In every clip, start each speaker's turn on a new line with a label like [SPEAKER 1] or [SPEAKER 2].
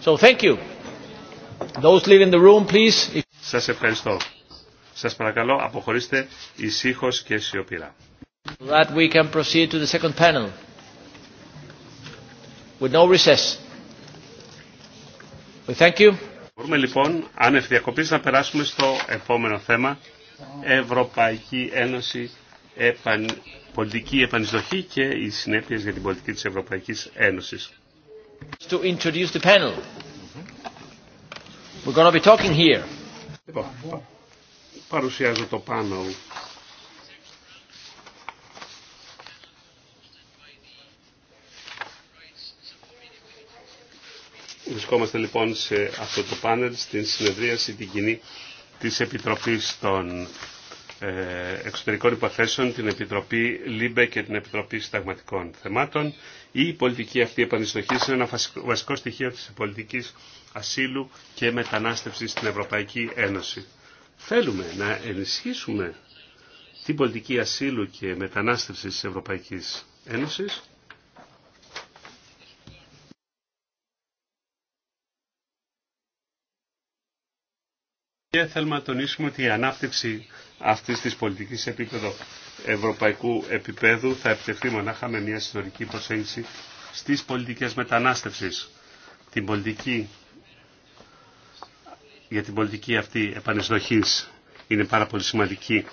[SPEAKER 1] So thank you. Those leaving the room, please. Σας ευχαριστώ. Σας παρακαλώ αποχωρήστε ησύχως και σιωπηρά.
[SPEAKER 2] That we can proceed to the second panel.
[SPEAKER 1] With no recess. We thank you. Μπορούμε λοιπόν, αν ευδιακοπής, να περάσουμε στο επόμενο θέμα. Ευρωπαϊκή Ένωση επαν... Πολιτική Επανεισδοχή και οι συνέπειες για την πολιτική της Ευρωπαϊκής Ένωσης. To introduce the panel. We're going to be talking here. Λοιπόν, παρουσιάζω το πάνελ. Βρισκόμαστε λοιπόν σε αυτό το πάνελ στην συνεδρίαση την κοινή της Επιτροπής των ε, εξωτερικών Υποθέσεων, την Επιτροπή ΛΥΜΠΕ και την Επιτροπή Συνταγματικών Θεμάτων. Η πολιτική αυτή επανιστοχή είναι ένα βασικό στοιχείο της πολιτικής ασύλου και μετανάστευσης στην Ευρωπαϊκή Ένωση. Θέλουμε να ενισχύσουμε την πολιτική ασύλου και μετανάστευσης της Ευρωπαϊκής Ένωσης Και θέλουμε να τονίσουμε ότι η ανάπτυξη αυτή τη πολιτική σε επίπεδο ευρωπαϊκού επίπεδου θα επιτευχθεί μονάχα με μια συνολική προσέγγιση στις πολιτικές μετανάστευσης. για την πολιτική αυτή επανεισδοχή είναι πάρα πολύ σημαντική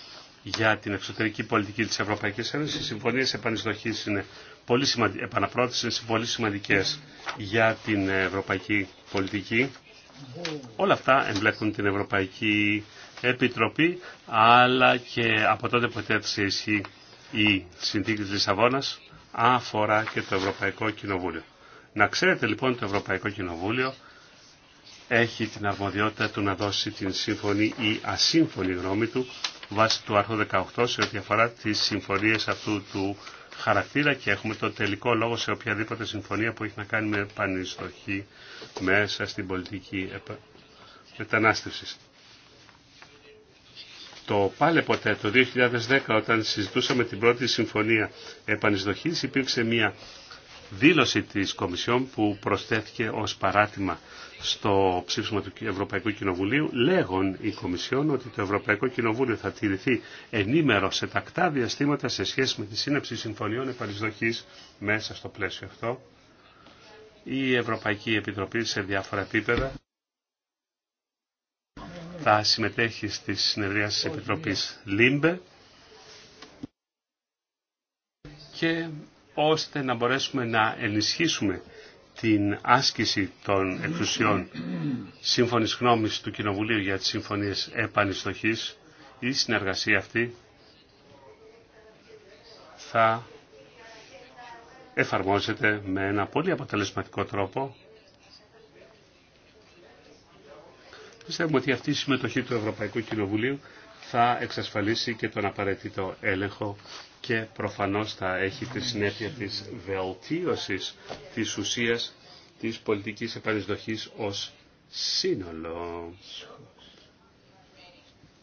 [SPEAKER 1] για την εξωτερική πολιτική της Ευρωπαϊκής Ένωσης. Οι συμφωνίες επανεισδοχής είναι πολύ σημαντικές, για την ευρωπαϊκή πολιτική. Όλα αυτά εμπλέκουν την Ευρωπαϊκή Επιτροπή, αλλά και από τότε που τέθησε ισχύ η συνθήκη της Λισαβόνας, αφορά και το Ευρωπαϊκό Κοινοβούλιο. Να ξέρετε λοιπόν το Ευρωπαϊκό Κοινοβούλιο έχει την αρμοδιότητα του να δώσει την σύμφωνη ή ασύμφωνη γνώμη του βάσει του άρθρου 18 σε ό,τι αφορά τις συμφωνίες αυτού του χαρακτήρα και έχουμε το τελικό λόγο σε οποιαδήποτε συμφωνία που έχει να κάνει με επανεισδοχή μέσα στην πολιτική μετανάστευσης. Το πάλι ποτέ, το 2010, όταν συζητούσαμε την πρώτη συμφωνία επανεισδοχής, υπήρξε μια δήλωση της Κομισιόν που προσθέθηκε ως παράτημα στο ψήφισμα του Ευρωπαϊκού Κοινοβουλίου λέγον η Κομισιόν ότι το Ευρωπαϊκό Κοινοβούλιο θα τηρηθεί ενήμερο σε τακτά διαστήματα σε σχέση με τη σύναψη συμφωνιών επαρισδοχής μέσα στο πλαίσιο αυτό. Η Ευρωπαϊκή Επιτροπή σε διάφορα επίπεδα θα συμμετέχει στη συνεδρία της Επιτροπής ΛΥΜΠΕ και ώστε να μπορέσουμε να ενισχύσουμε την άσκηση των εξουσιών σύμφωνης γνώμης του Κοινοβουλίου για τις συμφωνίες επανιστοχής, η συνεργασία αυτή θα εφαρμόζεται με ένα πολύ αποτελεσματικό τρόπο. Πιστεύουμε ότι αυτή η συμμετοχή του Ευρωπαϊκού Κοινοβουλίου θα εξασφαλίσει και τον απαραίτητο έλεγχο και προφανώς θα έχει τη συνέπεια της βελτίωσης της ουσίας της πολιτικής επανεισδοχής ως σύνολο.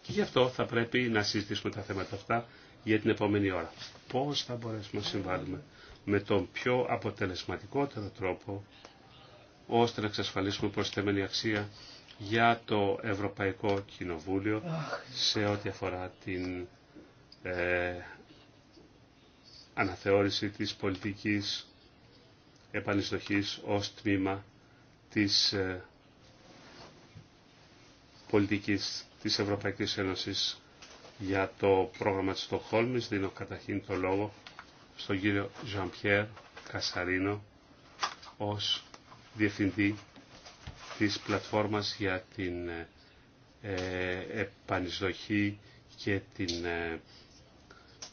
[SPEAKER 1] Και γι' αυτό θα πρέπει να συζητήσουμε τα θέματα αυτά για την επόμενη ώρα. Πώς θα μπορέσουμε να συμβάλλουμε με τον πιο αποτελεσματικότερο τρόπο ώστε να εξασφαλίσουμε προσθέμενη αξία για το Ευρωπαϊκό Κοινοβούλιο σε ό,τι αφορά την ε, αναθεώρηση της πολιτικής επανιστοχής ως τμήμα της ε, πολιτικής της Ευρωπαϊκής Ένωσης για το πρόγραμμα της Στοχόλμης. Δίνω καταρχήν το λόγο στον κύριο Jean-Pierre Κασαρίνο ως Διευθυντή της πλατφόρμας για την ε, ε, επανεισδοχή και την ε,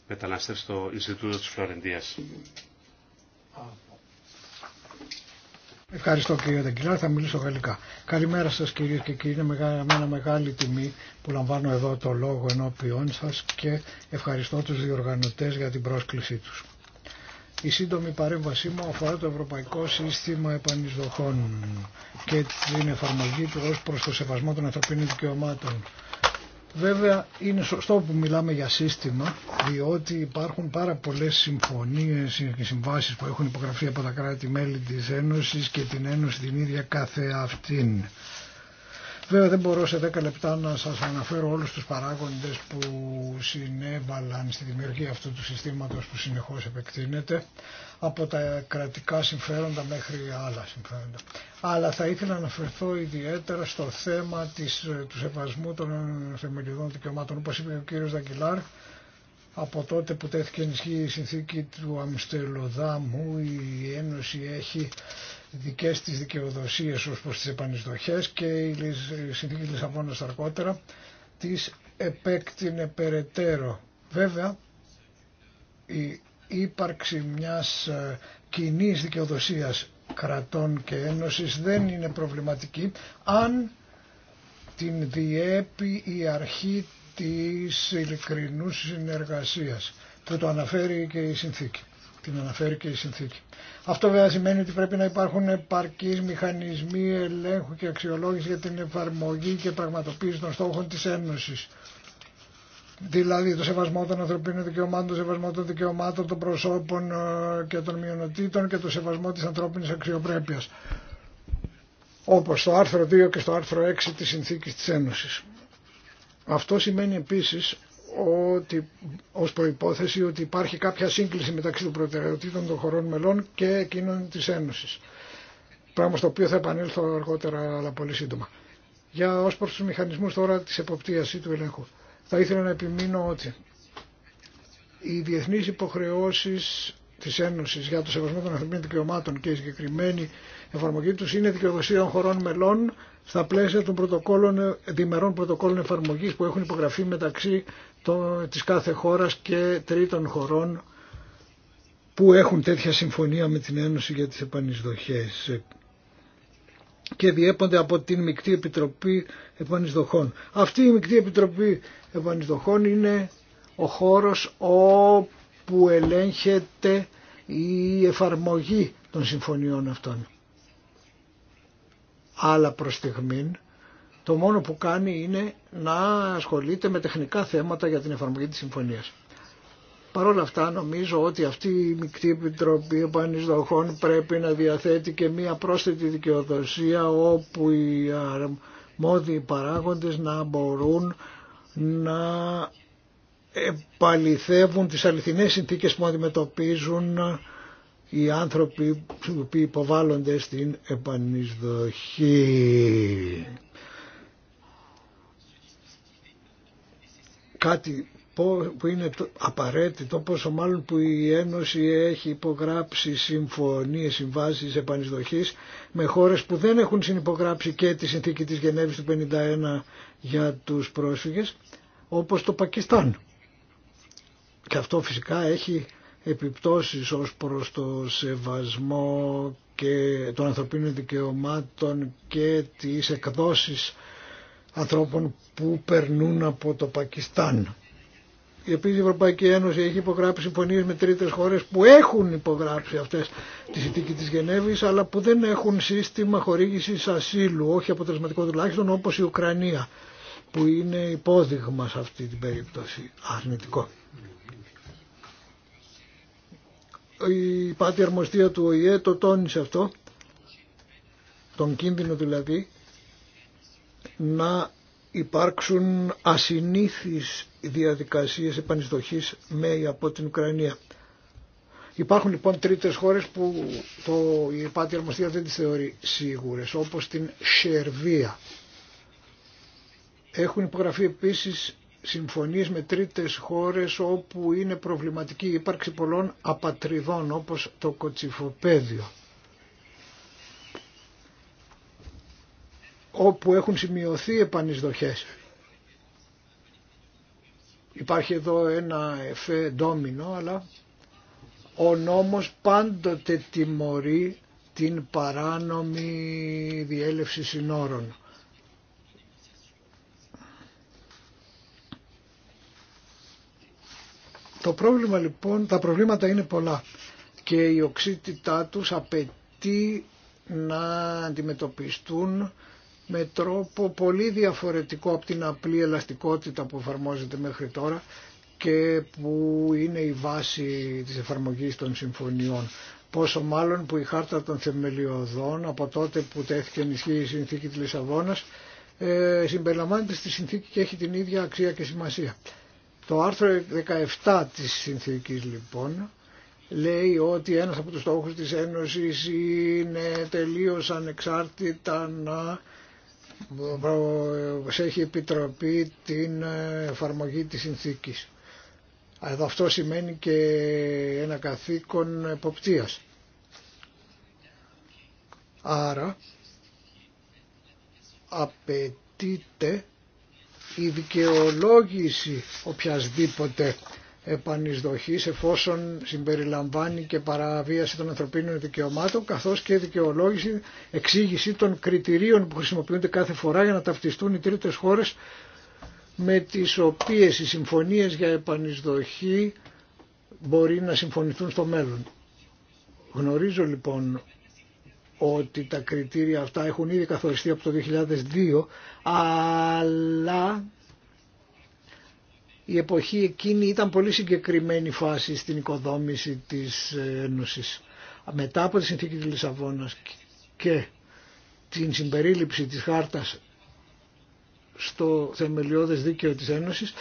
[SPEAKER 1] μετανάστευση στο Ινστιτούτο της Φλωρεντίας.
[SPEAKER 2] Ευχαριστώ κύριε Δαγκυλάρ, θα μιλήσω γαλλικά. Καλημέρα σας κύριε και κύριοι, είναι μεγάλη, μια μεγάλη τιμή που λαμβάνω εδώ το λόγο ενώπιόν σας και ευχαριστώ τους διοργανωτές για την πρόσκλησή τους. Η σύντομη παρέμβασή μου αφορά το Ευρωπαϊκό Σύστημα Επανεισδοχών και την εφαρμογή του ως προς το σεβασμό των ανθρωπίνων δικαιωμάτων. Βέβαια είναι σωστό που μιλάμε για σύστημα διότι υπάρχουν πάρα πολλές συμφωνίες και συμβάσεις που έχουν υπογραφεί από τα κράτη-μέλη της Ένωσης και την Ένωση την ίδια κάθε αυτήν. Βέβαια δεν μπορώ σε 10 λεπτά να σας αναφέρω όλους τους παράγοντες που συνέβαλαν στη δημιουργία αυτού του συστήματος που συνεχώς επεκτείνεται από τα κρατικά συμφέροντα μέχρι άλλα συμφέροντα. Αλλά θα ήθελα να αναφερθώ ιδιαίτερα στο θέμα της, του σεβασμού των θεμελιωδών δικαιωμάτων. Όπως είπε ο κύριος Δαγκυλάρ, από τότε που τέθηκε ενισχύει η συνθήκη του Αμστελοδάμου η Ένωση έχει δικές της δικαιοδοσίες ως προς τις επανεισδοχές και η συνθήκη της Λισαβόνας αργότερα τις επέκτηνε περαιτέρω. Βέβαια, η ύπαρξη μιας ε, κοινή δικαιοδοσίας κρατών και ένωσης δεν είναι προβληματική αν την διέπει η αρχή της ειλικρινούς συνεργασίας Το το αναφέρει και η συνθήκη. Την αναφέρει και η συνθήκη. Αυτό βέβαια σημαίνει ότι πρέπει να υπάρχουν επαρκείς μηχανισμοί ελέγχου και αξιολόγηση για την εφαρμογή και πραγματοποίηση των στόχων της Ένωσης. Δηλαδή το σεβασμό των ανθρωπίνων δικαιωμάτων, το σεβασμό των δικαιωμάτων των προσώπων ε, και των μειονοτήτων και το σεβασμό της ανθρώπινης αξιοπρέπειας. Όπως στο άρθρο 2 και στο άρθρο 6 της Συνθήκης της Ένωσης. Αυτό σημαίνει επίσης ότι, ως προϋπόθεση ότι υπάρχει κάποια σύγκληση μεταξύ των προτεραιοτήτων των χωρών μελών και εκείνων της Ένωσης. Πράγμα στο οποίο θα επανέλθω αργότερα αλλά πολύ σύντομα. Για ως προς τους μηχανισμούς τώρα της εποπτείας ή του ελέγχου. Θα ήθελα να επιμείνω ότι οι διεθνείς υποχρεώσεις της Ένωσης για το σεβασμό των ανθρωπίνων δικαιωμάτων και η συγκεκριμένη εφαρμογή τους είναι δικαιοδοσία των χωρών μελών στα πλαίσια των πρωτοκόλων, διμερών πρωτοκόλων εφαρμογής που έχουν υπογραφεί μεταξύ το, της κάθε χώρας και τρίτων χωρών που έχουν τέτοια συμφωνία με την Ένωση για τις επανεισδοχές και διέπονται από την Μικτή Επιτροπή Επανεισδοχών. Αυτή η Μικτή Επιτροπή Επανεισδοχών είναι ο χώρος όπου ελέγχεται η εφαρμογή των συμφωνιών αυτών. Αλλά προς στιγμήν το μόνο που κάνει είναι να ασχολείται με τεχνικά θέματα για την εφαρμογή της συμφωνίας. Παρ' όλα αυτά νομίζω ότι αυτή η Μικρή επιτροπή επανεισδοχών πρέπει να διαθέτει και μία πρόσθετη δικαιοδοσία όπου οι αρμόδιοι παράγοντες να μπορούν να επαληθεύουν τις αληθινές συνθήκες που αντιμετωπίζουν οι άνθρωποι που υποβάλλονται στην επανεισδοχή. κάτι που είναι απαραίτητο, πόσο μάλλον που η Ένωση έχει υπογράψει συμφωνίες, συμβάσεις επανεισδοχής με χώρες που δεν έχουν συνυπογράψει και τη συνθήκη της Γενέβης του 1951 για τους πρόσφυγες, όπως το Πακιστάν. Και αυτό φυσικά έχει επιπτώσεις ως προς το σεβασμό και των ανθρωπίνων δικαιωμάτων και τις εκδόσεις ανθρώπων που περνούν από το Πακιστάν. Επίσης η Ευρωπαϊκή Ένωση έχει υπογράψει συμφωνίες με τρίτε χώρες που έχουν υπογράψει αυτές τη συνθήκη τη Γενέβη, αλλά που δεν έχουν σύστημα χορήγηση ασύλου, όχι αποτελεσματικό τουλάχιστον όπως η Ουκρανία που είναι υπόδειγμα σε αυτή την περίπτωση αρνητικό. Η πάτη αρμοστία του ΟΗΕ το τόνισε αυτό, τον κίνδυνο δηλαδή να υπάρξουν ασυνήθεις διαδικασίες επανεισδοχής ή από την Ουκρανία. Υπάρχουν λοιπόν τρίτες χώρες που το, η Πάτια Αρμοστία δεν τις θεωρεί σίγουρες, όπως την Σερβία. Έχουν υπογραφεί επίσης συμφωνίες με τρίτες χώρες όπου είναι προβληματική η ύπαρξη πολλών απατριδών, όπως το Κοτσιφοπέδιο. όπου έχουν σημειωθεί επανεισδοχές. Υπάρχει εδώ ένα εφέ ντόμινο, αλλά ο νόμος πάντοτε τιμωρεί την παράνομη διέλευση συνόρων. Το πρόβλημα λοιπόν, τα προβλήματα είναι πολλά και η οξύτητά τους απαιτεί να αντιμετωπιστούν με τρόπο πολύ διαφορετικό από την απλή ελαστικότητα που εφαρμόζεται μέχρι τώρα και που είναι η βάση της εφαρμογής των συμφωνιών. Πόσο μάλλον που η χάρτα των θεμελιωδών από τότε που τέθηκε ενισχύει η συνθήκη της Λισαβόνας ε, συμπεριλαμβάνεται στη συνθήκη και έχει την ίδια αξία και σημασία. Το άρθρο 17 της συνθήκης λοιπόν λέει ότι ένας από τους στόχους της Ένωσης είναι τελείως ανεξάρτητα να έχει επιτροπή την ε, εφαρμογή της συνθήκης. Εδώ αυτό σημαίνει και ένα καθήκον εποπτείας. Άρα απαιτείται η δικαιολόγηση οποιασδήποτε επανεισδοχής εφόσον συμπεριλαμβάνει και παραβίαση των ανθρωπίνων δικαιωμάτων καθώς και δικαιολόγηση, εξήγηση των κριτηρίων που χρησιμοποιούνται κάθε φορά για να ταυτιστούν οι τρίτες χώρες με τις οποίες οι συμφωνίες για επανεισδοχή μπορεί να συμφωνηθούν στο μέλλον. Γνωρίζω λοιπόν ότι τα κριτήρια αυτά έχουν ήδη καθοριστεί από το 2002, αλλά η εποχή εκείνη ήταν πολύ συγκεκριμένη φάση στην οικοδόμηση της Ένωσης. Μετά από τη συνθήκη της Λισαβόνας και την συμπερίληψη της χάρτας στο θεμελιώδες δίκαιο της Ένωσης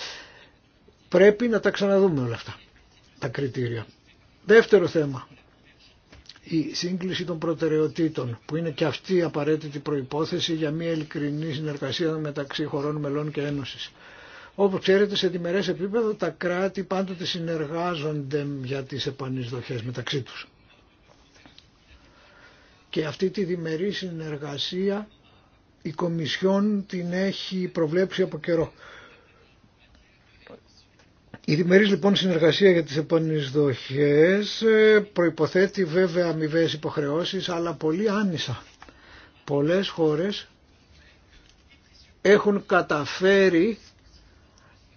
[SPEAKER 2] πρέπει να τα ξαναδούμε όλα αυτά τα κριτήρια. Δεύτερο θέμα η σύγκληση των προτεραιοτήτων που είναι και αυτή η απαραίτητη προϋπόθεση για μια ειλικρινή συνεργασία μεταξύ χωρών μελών και Ένωσης. Όπως ξέρετε σε διμερές επίπεδο τα κράτη πάντοτε συνεργάζονται για τις επανεισδοχές μεταξύ τους. Και αυτή τη διμερή συνεργασία η Κομισιόν την έχει προβλέψει από καιρό. Η διμερής λοιπόν συνεργασία για τις επανεισδοχές ε, προϋποθέτει βέβαια αμοιβέ υποχρεώσεις αλλά πολύ άνισα. Πολλές χώρες έχουν καταφέρει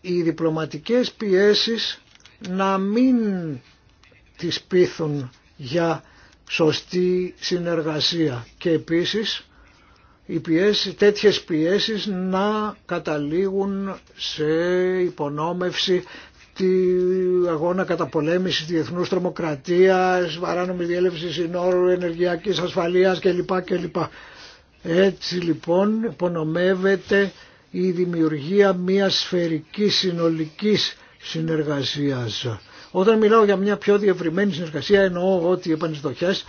[SPEAKER 2] οι διπλωματικές πιέσεις να μην τις πείθουν για σωστή συνεργασία και επίσης οι πιέσεις, τέτοιες πιέσεις να καταλήγουν σε υπονόμευση τη αγώνα καταπολέμησης διεθνούς τρομοκρατίας, παράνομη διέλευση συνόρου, ενεργειακής ασφαλείας κλπ. Έτσι λοιπόν υπονομεύεται η δημιουργία μιας σφαιρικής συνολικής συνεργασίας. Όταν μιλάω για μια πιο διευρυμένη συνεργασία εννοώ ότι οι επανεισδοχές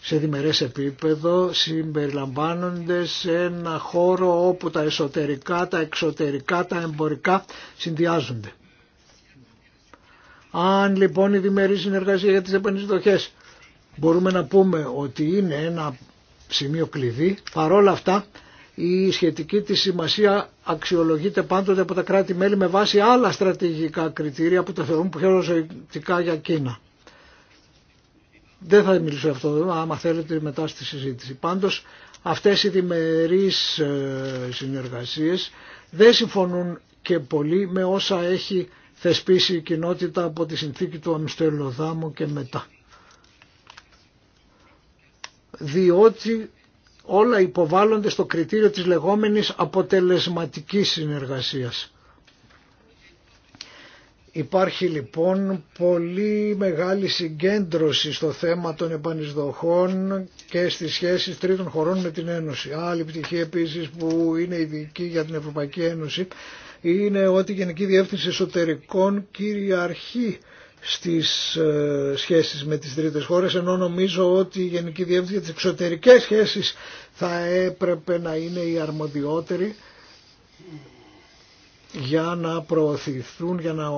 [SPEAKER 2] σε διμερές επίπεδο συμπεριλαμβάνονται σε ένα χώρο όπου τα εσωτερικά, τα εξωτερικά, τα εμπορικά συνδυάζονται. Αν λοιπόν η διμερή συνεργασία για τις επανεισδοχές μπορούμε να πούμε ότι είναι ένα σημείο κλειδί, παρόλα αυτά η σχετική της σημασία αξιολογείται πάντοτε από τα κράτη-μέλη με βάση άλλα στρατηγικά κριτήρια που τα θεωρούν πιο για Κίνα. Δεν θα μιλήσω αυτό, άμα θέλετε μετά στη συζήτηση. Πάντως αυτές οι διμερείς ε, συνεργασίες δεν συμφωνούν και πολύ με όσα έχει θεσπίσει η κοινότητα από τη συνθήκη του Αμστελοδάμου και μετά. Διότι όλα υποβάλλονται στο κριτήριο της λεγόμενης αποτελεσματικής συνεργασίας. Υπάρχει λοιπόν πολύ μεγάλη συγκέντρωση στο θέμα των επανεισδοχών και στις σχέσεις τρίτων χωρών με την Ένωση. Άλλη πτυχή επίσης που είναι ειδική για την Ευρωπαϊκή Ένωση είναι ότι η Γενική Διεύθυνση Εσωτερικών κυριαρχεί στις ε, σχέσεις με τις τρίτες χώρες ενώ νομίζω ότι η Γενική Διεύθυνση για τις εξωτερικές σχέσεις θα έπρεπε να είναι η αρμοδιότερη για να προωθηθούν, για να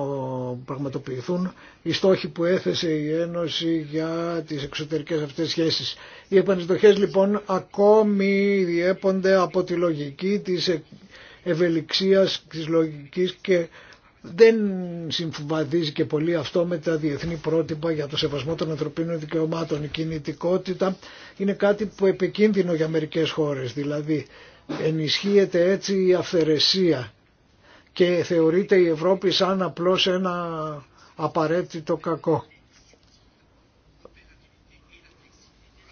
[SPEAKER 2] πραγματοποιηθούν οι στόχοι που έθεσε η Ένωση για τις εξωτερικές αυτές σχέσεις. Οι επανεστοχές λοιπόν ακόμη διέπονται από τη λογική της ευελιξίας, της λογικής και δεν συμβαδίζει και πολύ αυτό με τα διεθνή πρότυπα για το σεβασμό των ανθρωπίνων δικαιωμάτων. Η κινητικότητα είναι κάτι που επικίνδυνο για μερικές χώρες, δηλαδή ενισχύεται έτσι η αυθαιρεσία και θεωρείται η Ευρώπη σαν απλώς ένα απαραίτητο κακό.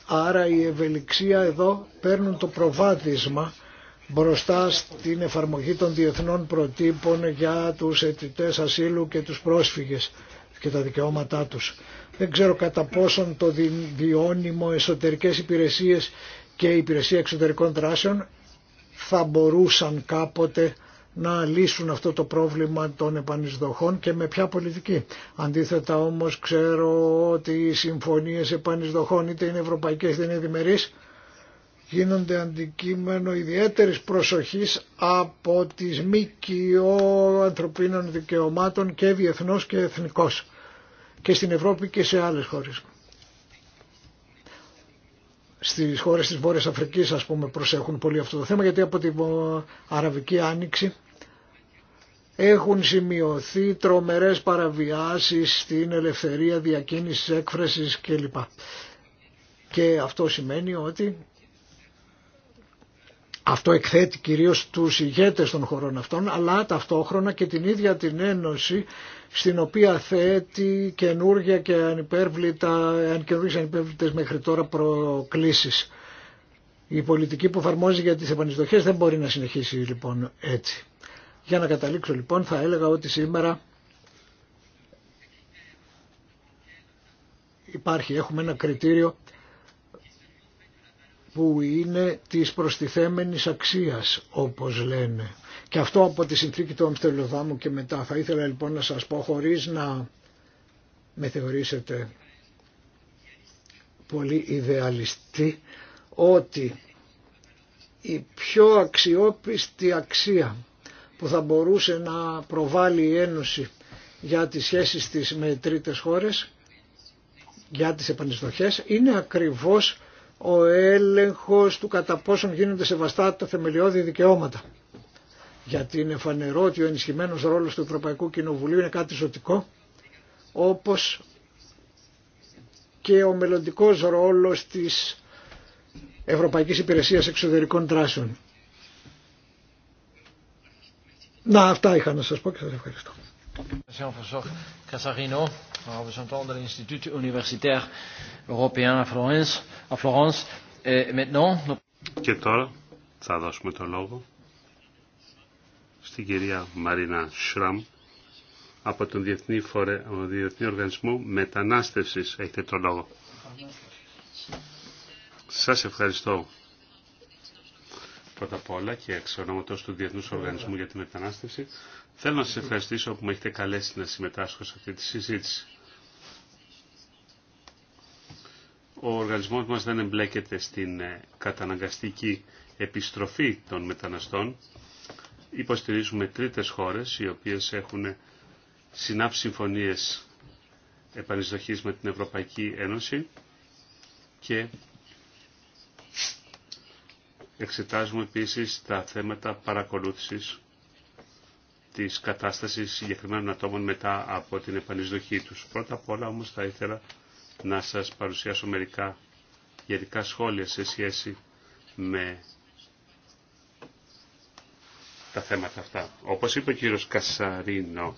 [SPEAKER 2] Άρα η ευελιξία εδώ παίρνουν το προβάδισμα μπροστά στην εφαρμογή των διεθνών προτύπων για τους αιτητές ασύλου και τους πρόσφυγες και τα δικαιώματά τους. Δεν ξέρω κατά πόσον το διώνυμο εσωτερικές υπηρεσίες και υπηρεσία εξωτερικών δράσεων θα μπορούσαν κάποτε να λύσουν αυτό το πρόβλημα των επανεισδοχών και με ποια πολιτική. Αντίθετα όμως ξέρω ότι οι συμφωνίες επανεισδοχών είτε είναι ευρωπαϊκές είτε είναι διμερείς γίνονται αντικείμενο ιδιαίτερης προσοχής από τις ΜΚΟ ανθρωπίνων δικαιωμάτων και διεθνώς και εθνικός και στην Ευρώπη και σε άλλες χώρες. Στις χώρες της Βόρειας Αφρικής ας πούμε προσέχουν πολύ αυτό το θέμα γιατί από την Αραβική Άνοιξη έχουν σημειωθεί τρομερές παραβιάσεις στην ελευθερία διακίνησης, έκφρασης κλπ. Και αυτό σημαίνει ότι αυτό εκθέτει κυρίως τους ηγέτες των χωρών αυτών, αλλά ταυτόχρονα και την ίδια την Ένωση στην οποία θέτει καινούργια και ανυπέρβλητα, αν καινούργιες ανυπέρβλητες μέχρι τώρα προκλήσεις. Η πολιτική που εφαρμόζει για τις επανειστοχές δεν μπορεί να συνεχίσει λοιπόν έτσι. Για να καταλήξω λοιπόν θα έλεγα ότι σήμερα υπάρχει, έχουμε ένα κριτήριο που είναι της προστιθέμενης αξίας όπως λένε. Και αυτό από τη συνθήκη του Αμστελοδάμου και μετά. Θα ήθελα λοιπόν να σας πω χωρίς να με θεωρήσετε πολύ ιδεαλιστή ότι η πιο αξιόπιστη αξία που θα μπορούσε να προβάλλει η Ένωση για τις σχέσεις της με τρίτες χώρες, για τις επανειστοχές, είναι ακριβώς ο έλεγχος του κατά πόσον γίνονται σεβαστά τα θεμελιώδη δικαιώματα. Γιατί είναι φανερό ότι ο ενισχυμένος ρόλος του Ευρωπαϊκού Κοινοβουλίου είναι κάτι ζωτικό, όπως και ο μελλοντικό ρόλος της Ευρωπαϊκής Υπηρεσίας Εξωτερικών Δράσεων. Να, αυτά είχα να σας πω και σας ευχαριστώ.
[SPEAKER 1] Και τώρα θα δώσουμε το λόγο στην κυρία Μαρίνα Σραμ από τον Διεθνή, Φορε... Διεθνή Οργανισμό Μετανάστευσης. Έχετε το λόγο. Σας ευχαριστώ πρώτα απ' όλα και εξ ονόματος του Διεθνούς Οργανισμού για τη Μετανάστευση Θέλω να σας ευχαριστήσω που με έχετε καλέσει να συμμετάσχω σε αυτή τη συζήτηση. Ο οργανισμός μας δεν εμπλέκεται στην ε, καταναγκαστική επιστροφή των μεταναστών. Υποστηρίζουμε τρίτες χώρες οι οποίες έχουν ε, συνάψει συμφωνίες επανεισδοχής με την Ευρωπαϊκή Ένωση και εξετάζουμε επίσης τα θέματα παρακολούθησης της κατάστασης συγκεκριμένων ατόμων μετά από την επανεισδοχή τους. Πρώτα απ' όλα όμως θα ήθελα να σας παρουσιάσω μερικά γενικά σχόλια σε σχέση με τα θέματα αυτά. Όπως είπε ο κύριος Κασαρίνο,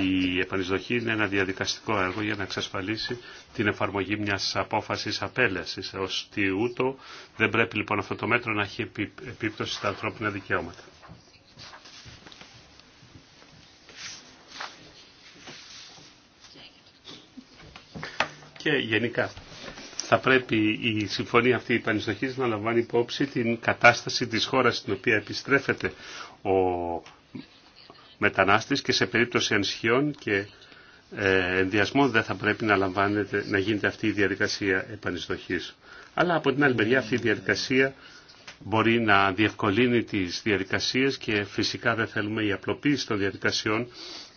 [SPEAKER 1] η επανεισδοχή είναι ένα διαδικαστικό έργο για να εξασφαλίσει την εφαρμογή μιας απόφασης απέλασης, ώστε ούτω δεν πρέπει λοιπόν αυτό το μέτρο να έχει επίπτωση στα ανθρώπινα δικαιώματα. και γενικά. Θα πρέπει η συμφωνία αυτή η πανιστοχής να λαμβάνει υπόψη την κατάσταση της χώρας στην οποία επιστρέφεται ο μετανάστης και σε περίπτωση ανησυχιών και ε, ενδιασμών δεν θα πρέπει να, λαμβάνεται, να γίνεται αυτή η διαδικασία επανιστοχής. Αλλά από την άλλη μεριά αυτή η διαδικασία μπορεί να διευκολύνει τις διαδικασίες και φυσικά δεν θέλουμε η απλοποίηση των διαδικασιών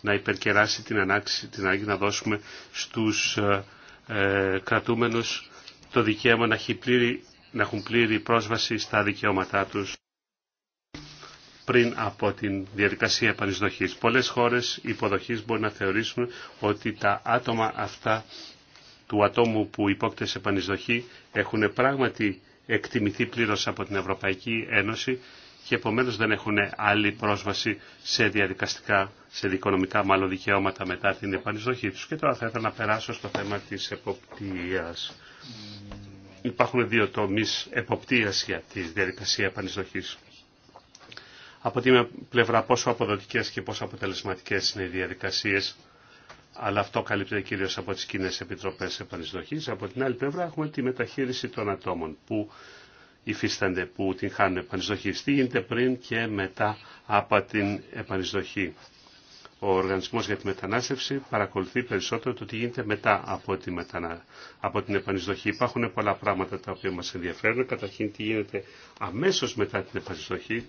[SPEAKER 1] να υπερκεράσει την ανάγκη, την να δώσουμε στους ε, ε, κρατούμενους το δικαίωμα να, να έχουν πλήρη πρόσβαση στα δικαιώματά τους πριν από την διαδικασία επανεισδοχής. Πολλές χώρες υποδοχής μπορεί να θεωρήσουν ότι τα άτομα αυτά του ατόμου που υπόκειται σε επανεισδοχή έχουν πράγματι εκτιμηθεί πλήρως από την Ευρωπαϊκή Ένωση και επομένως δεν έχουν άλλη πρόσβαση σε διαδικαστικά σε δικονομικά μάλλον δικαιώματα μετά την επανεισδοχή τους. Και τώρα θα ήθελα να περάσω στο θέμα της εποπτείας. Υπάρχουν δύο τομείς εποπτείας για τη διαδικασία επανεισδοχής. Από τη πλευρά πόσο αποδοτικές και πόσο αποτελεσματικές είναι οι διαδικασίες, αλλά αυτό καλύπτεται κυρίως από τις κοινέ επιτροπές επανεισδοχής. Από την άλλη πλευρά έχουμε τη μεταχείριση των ατόμων που υφίστανται, που την χάνουν επανεισδοχή. Τι γίνεται πριν και μετά από την επανεισδοχή ο Οργανισμός για τη Μετανάστευση παρακολουθεί περισσότερο το τι γίνεται μετά από, τη μετανα... από την επανεισδοχή. Υπάρχουν πολλά πράγματα τα οποία μας ενδιαφέρουν. Καταρχήν τι γίνεται αμέσως μετά την επανεισδοχή.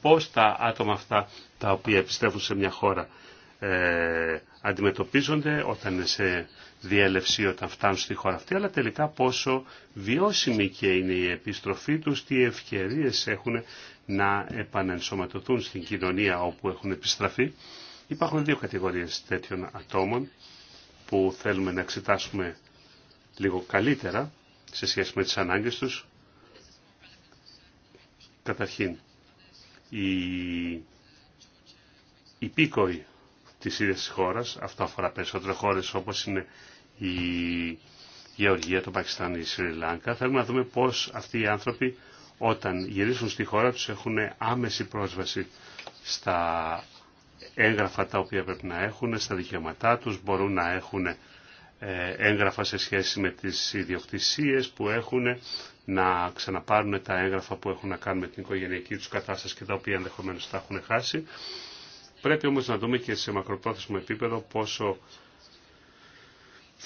[SPEAKER 1] Πώς τα άτομα αυτά τα οποία επιστρέφουν σε μια χώρα ε, αντιμετωπίζονται όταν είναι σε διέλευση, όταν φτάνουν στη χώρα αυτή, αλλά τελικά πόσο βιώσιμη και είναι η επιστροφή τους, τι ευκαιρίες έχουν να επανενσωματωθούν στην κοινωνία όπου έχουν επιστραφεί. Υπάρχουν δύο κατηγορίες τέτοιων ατόμων που θέλουμε να εξετάσουμε λίγο καλύτερα σε σχέση με τις ανάγκες τους. Καταρχήν, οι υπήκοοι της ίδιας της χώρας, αυτό αφορά περισσότερο χώρες όπως είναι η Γεωργία, το Πακιστάν, η Σρι λάνκα Θέλουμε να δούμε πώς αυτοί οι άνθρωποι όταν γυρίσουν στη χώρα τους έχουν άμεση πρόσβαση στα έγγραφα τα οποία πρέπει να έχουν, στα δικαιώματά τους, μπορούν να έχουν ε, έγγραφα σε σχέση με τις ιδιοκτησίες που έχουν, να ξαναπάρουν τα έγγραφα που έχουν να κάνουν με την οικογενειακή τους κατάσταση και τα οποία ενδεχομένως τα έχουν χάσει. Πρέπει όμως να δούμε και σε μακροπρόθεσμο επίπεδο πόσο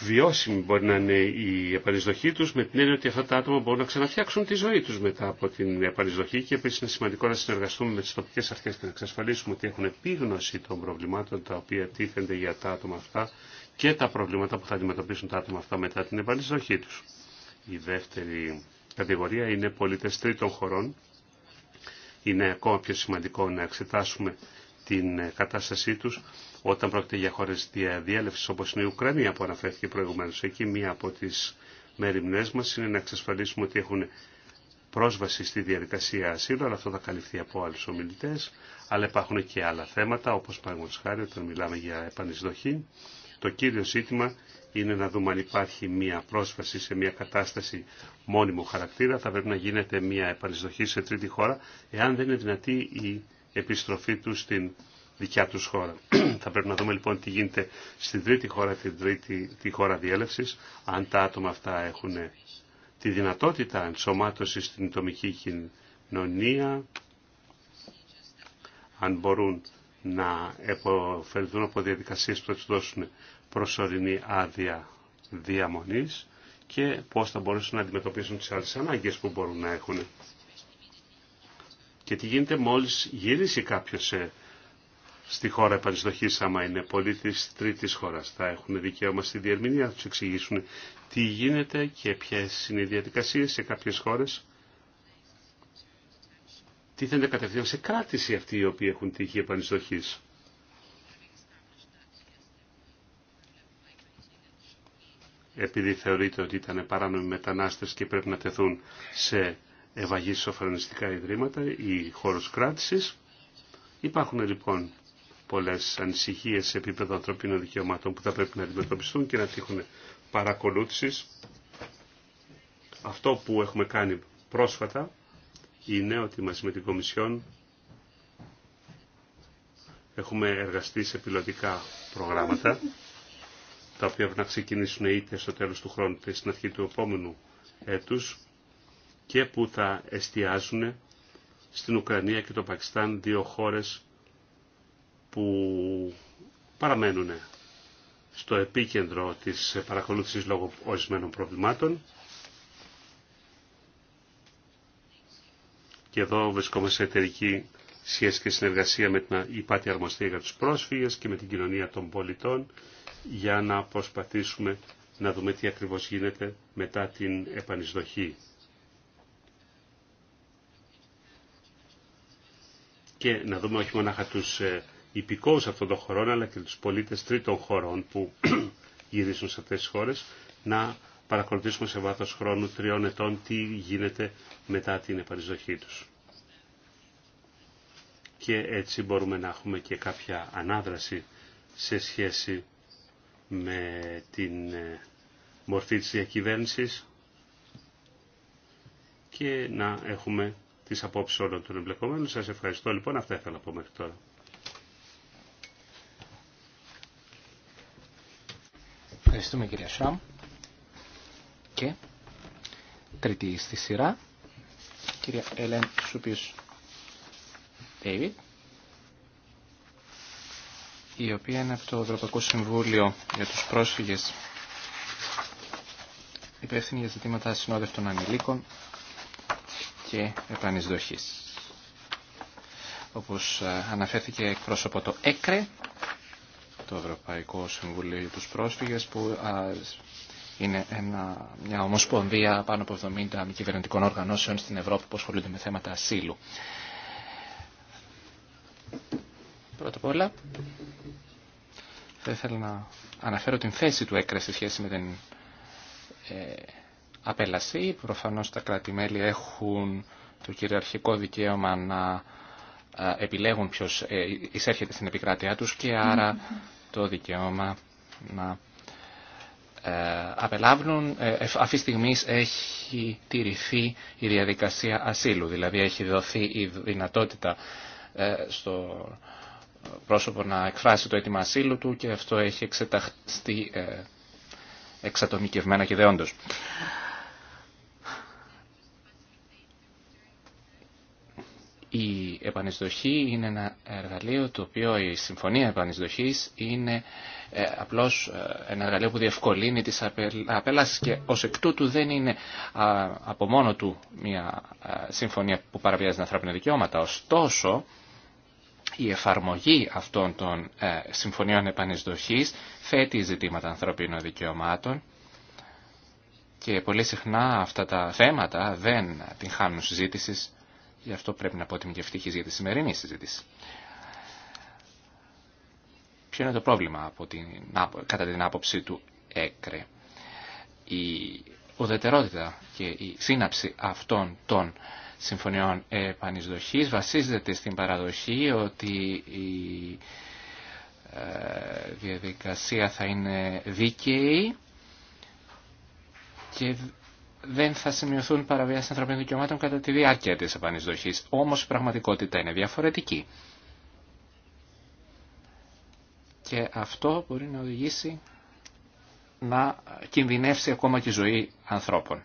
[SPEAKER 1] βιώσιμη μπορεί να είναι η επανεισδοχή τους με την έννοια ότι αυτά τα άτομα μπορούν να ξαναφτιάξουν τη ζωή τους μετά από την επανεισδοχή και επίσης είναι σημαντικό να συνεργαστούμε με τις τοπικές αρχές και να εξασφαλίσουμε ότι έχουν επίγνωση των προβλημάτων τα οποία τίθενται για τα άτομα αυτά και τα προβλήματα που θα αντιμετωπίσουν τα άτομα αυτά μετά την επανεισδοχή τους. Η δεύτερη κατηγορία είναι πολίτες τρίτων χωρών. Είναι ακόμα πιο σημαντικό να εξετάσουμε την κατάστασή τους όταν πρόκειται για χώρες διαδιέλευση όπως είναι η Ουκρανία που αναφέρθηκε προηγουμένως. Εκεί μία από τις μεριμνές μας είναι να εξασφαλίσουμε ότι έχουν πρόσβαση στη διαδικασία ασύλου, αλλά αυτό θα καλυφθεί από άλλους ομιλητές. Αλλά υπάρχουν και άλλα θέματα, όπως παραδείγματο χάρη όταν μιλάμε για επανεισδοχή. Το κύριο ζήτημα είναι να δούμε αν υπάρχει μία πρόσβαση σε μία κατάσταση μόνιμου χαρακτήρα. Θα πρέπει να γίνεται μία επανεισδοχή σε τρίτη χώρα, εάν δεν είναι δυνατή η επιστροφή του στην δικιά τους χώρα. θα πρέπει να δούμε λοιπόν τι γίνεται στην τρίτη χώρα, την τρίτη τη χώρα διέλευσης, αν τα άτομα αυτά έχουν τη δυνατότητα ενσωμάτωσης στην τομική κοινωνία, αν μπορούν να επωφελθούν από διαδικασίες που θα τους δώσουν προσωρινή άδεια διαμονής και πώς θα μπορούσαν να αντιμετωπίσουν τις άλλες ανάγκες που μπορούν να έχουν. Και τι γίνεται μόλις γυρίσει κάποιος σε στη χώρα επανεισδοχής άμα είναι πολίτης τρίτη χώρα. Θα έχουν δικαίωμα στη διερμηνία, θα του εξηγήσουν τι γίνεται και ποιε είναι οι διαδικασίε σε κάποιε χώρε. Τι θα είναι κατευθείαν σε κράτηση αυτοί οι οποίοι έχουν τύχη επανεισδοχής. επειδή θεωρείται ότι ήταν παράνομοι μετανάστες και πρέπει να τεθούν σε ευαγή σοφρονιστικά ιδρύματα ή χώρους κράτησης. Υπάρχουν λοιπόν πολλές ανησυχίες σε επίπεδο ανθρωπίνων δικαιωμάτων που θα πρέπει να αντιμετωπιστούν και να τύχουν παρακολούθησης. Αυτό που έχουμε κάνει πρόσφατα είναι ότι μαζί με την Κομισιόν έχουμε εργαστεί σε πιλωτικά προγράμματα τα οποία να ξεκινήσουν είτε στο τέλος του χρόνου είτε στην αρχή του επόμενου έτους και που θα εστιάζουν στην Ουκρανία και το Πακιστάν, δύο χώρες που παραμένουν στο επίκεντρο της παρακολούθησης λόγω ορισμένων προβλημάτων. Και εδώ βρισκόμαστε σε εταιρική σχέση και συνεργασία με την υπάτη αρμοστία για τους πρόσφυγες και με την κοινωνία των πολιτών για να προσπαθήσουμε να δούμε τι ακριβώς γίνεται μετά την επανεισδοχή. Και να δούμε όχι μονάχα τους ε, υπηκόους αυτών των χωρών αλλά και τους πολίτες τρίτων χωρών που γυρίζουν σε αυτές τις χώρες να παρακολουθήσουμε σε βάθος χρόνου τριών ετών τι γίνεται μετά την επαρισδοχή τους. Και έτσι μπορούμε να έχουμε και κάποια ανάδραση σε σχέση με την ε, μορφή της διακυβέρνησης και να έχουμε τις απόψεις όλων των εμπλεκομένων. Σας ευχαριστώ λοιπόν. Αυτά ήθελα να πω μέχρι τώρα.
[SPEAKER 3] Ευχαριστούμε κυρία Σραμ. Και τρίτη στη σειρά, κυρία Έλεν Σούπιος Ντέιβιτ, η οποία είναι από το Ευρωπαϊκό Συμβούλιο για τους πρόσφυγες υπεύθυνη για ζητήματα συνόδευτων ανηλίκων και επανεισδοχής. Όπως ε, αναφέρθηκε εκπρόσωπο το ΕΚΡΕ, το Ευρωπαϊκό Συμβουλίο για τους Πρόσφυγες που είναι ένα, μια ομοσπονδία πάνω από 70 μη κυβερνητικών οργανώσεων στην Ευρώπη που ασχολούνται με θέματα ασύλου. Πρώτα απ' όλα, θα ήθελα να αναφέρω την θέση του ΕΚΡΑ σε σχέση με την ε, απέλαση. Προφανώς τα κράτη-μέλη έχουν το κυριαρχικό δικαίωμα να ε, επιλέγουν ποιος ε, εισέρχεται στην επικράτειά τους και άρα το δικαίωμα να ε, απελάβουν. Αυτή στιγμή έχει τηρηθεί η διαδικασία ασύλου, δηλαδή έχει δοθεί η δυνατότητα στο πρόσωπο να εκφράσει το αίτημα ασύλου του και αυτό έχει εξεταχθεί εξατομικευμένα και δεόντως. Η επανεισδοχή είναι ένα εργαλείο το οποίο η συμφωνία επανεισδοχής είναι ε, απλώς ε, ένα εργαλείο που διευκολύνει τις απελάσεις και ως εκ τούτου δεν είναι από μόνο του μια ε, συμφωνία που παραβιάζει να ανθρώπινα δικαιώματα. Ωστόσο, η εφαρμογή αυτών των συμφωνιών επανεισδοχής θέτει ζητήματα ανθρωπίνων δικαιωμάτων και πολύ συχνά αυτά τα θέματα δεν την χάνουν συζήτησης Γι' αυτό πρέπει να πω ότι είμαι και ευτυχής για τη σημερινή συζήτηση. Ποιο είναι το πρόβλημα από την, κατά την άποψη του ΕΚΡΕ. Η ουδετερότητα και η σύναψη αυτών των συμφωνιών επανεισδοχής βασίζεται στην παραδοχή ότι η ε, διαδικασία θα είναι δίκαιη και δεν θα σημειωθούν παραβιάσεις ανθρωπίνων δικαιωμάτων κατά τη διάρκεια της επανεισδοχής. Όμως η πραγματικότητα είναι διαφορετική. Και αυτό μπορεί να οδηγήσει να κινδυνεύσει ακόμα και η ζωή ανθρώπων.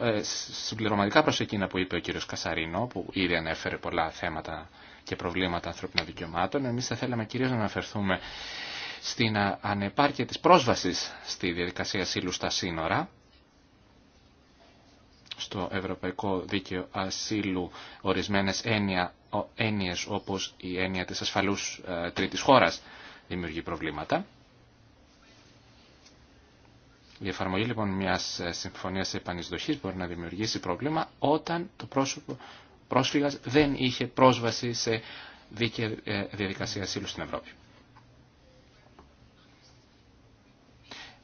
[SPEAKER 3] Ε, συμπληρωματικά προς εκείνα που είπε ο κύριος Κασαρίνο, που ήδη ανέφερε πολλά θέματα και προβλήματα ανθρωπίνων δικαιωμάτων, εμείς θα θέλαμε κυρίως να αναφερθούμε στην ε, ανεπάρκεια της πρόσβασης στη διαδικασία ασύλου στα σύνορα. Στο Ευρωπαϊκό Δίκαιο Ασύλου ορισμένες έννοια, έννοιες όπως η έννοια της ασφαλούς ε, τρίτης χώρας δημιουργεί προβλήματα. Η εφαρμογή λοιπόν μιας ε, συμφωνίας επανεισδοχής μπορεί να δημιουργήσει πρόβλημα όταν το πρόσωπο πρόσφυγας δεν είχε πρόσβαση σε δίκαιη διαδικασία ασύλου στην Ευρώπη.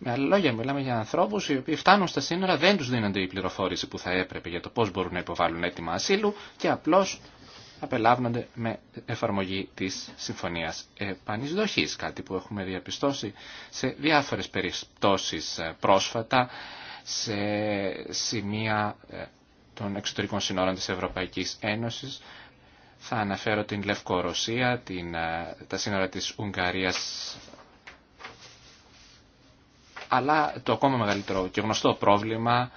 [SPEAKER 3] Με άλλα λόγια, μιλάμε για ανθρώπου, οι οποίοι φτάνουν στα σύνορα, δεν του δίνονται η πληροφόρηση που θα έπρεπε για το πώ μπορούν να υποβάλουν αίτημα ασύλου και απλώ απελάβνονται με εφαρμογή τη συμφωνία επανεισδοχή. κάτι που έχουμε διαπιστώσει σε διάφορε περιπτώσει ε, πρόσφατα σε σημεία ε, των εξωτερικών συνόρων της Ευρωπαϊκής Ένωσης. Θα αναφέρω την Λευκορωσία, την, ε, τα σύνορα της Ουγγαρίας αλλά το ακόμα μεγαλύτερο και γνωστό πρόβλημα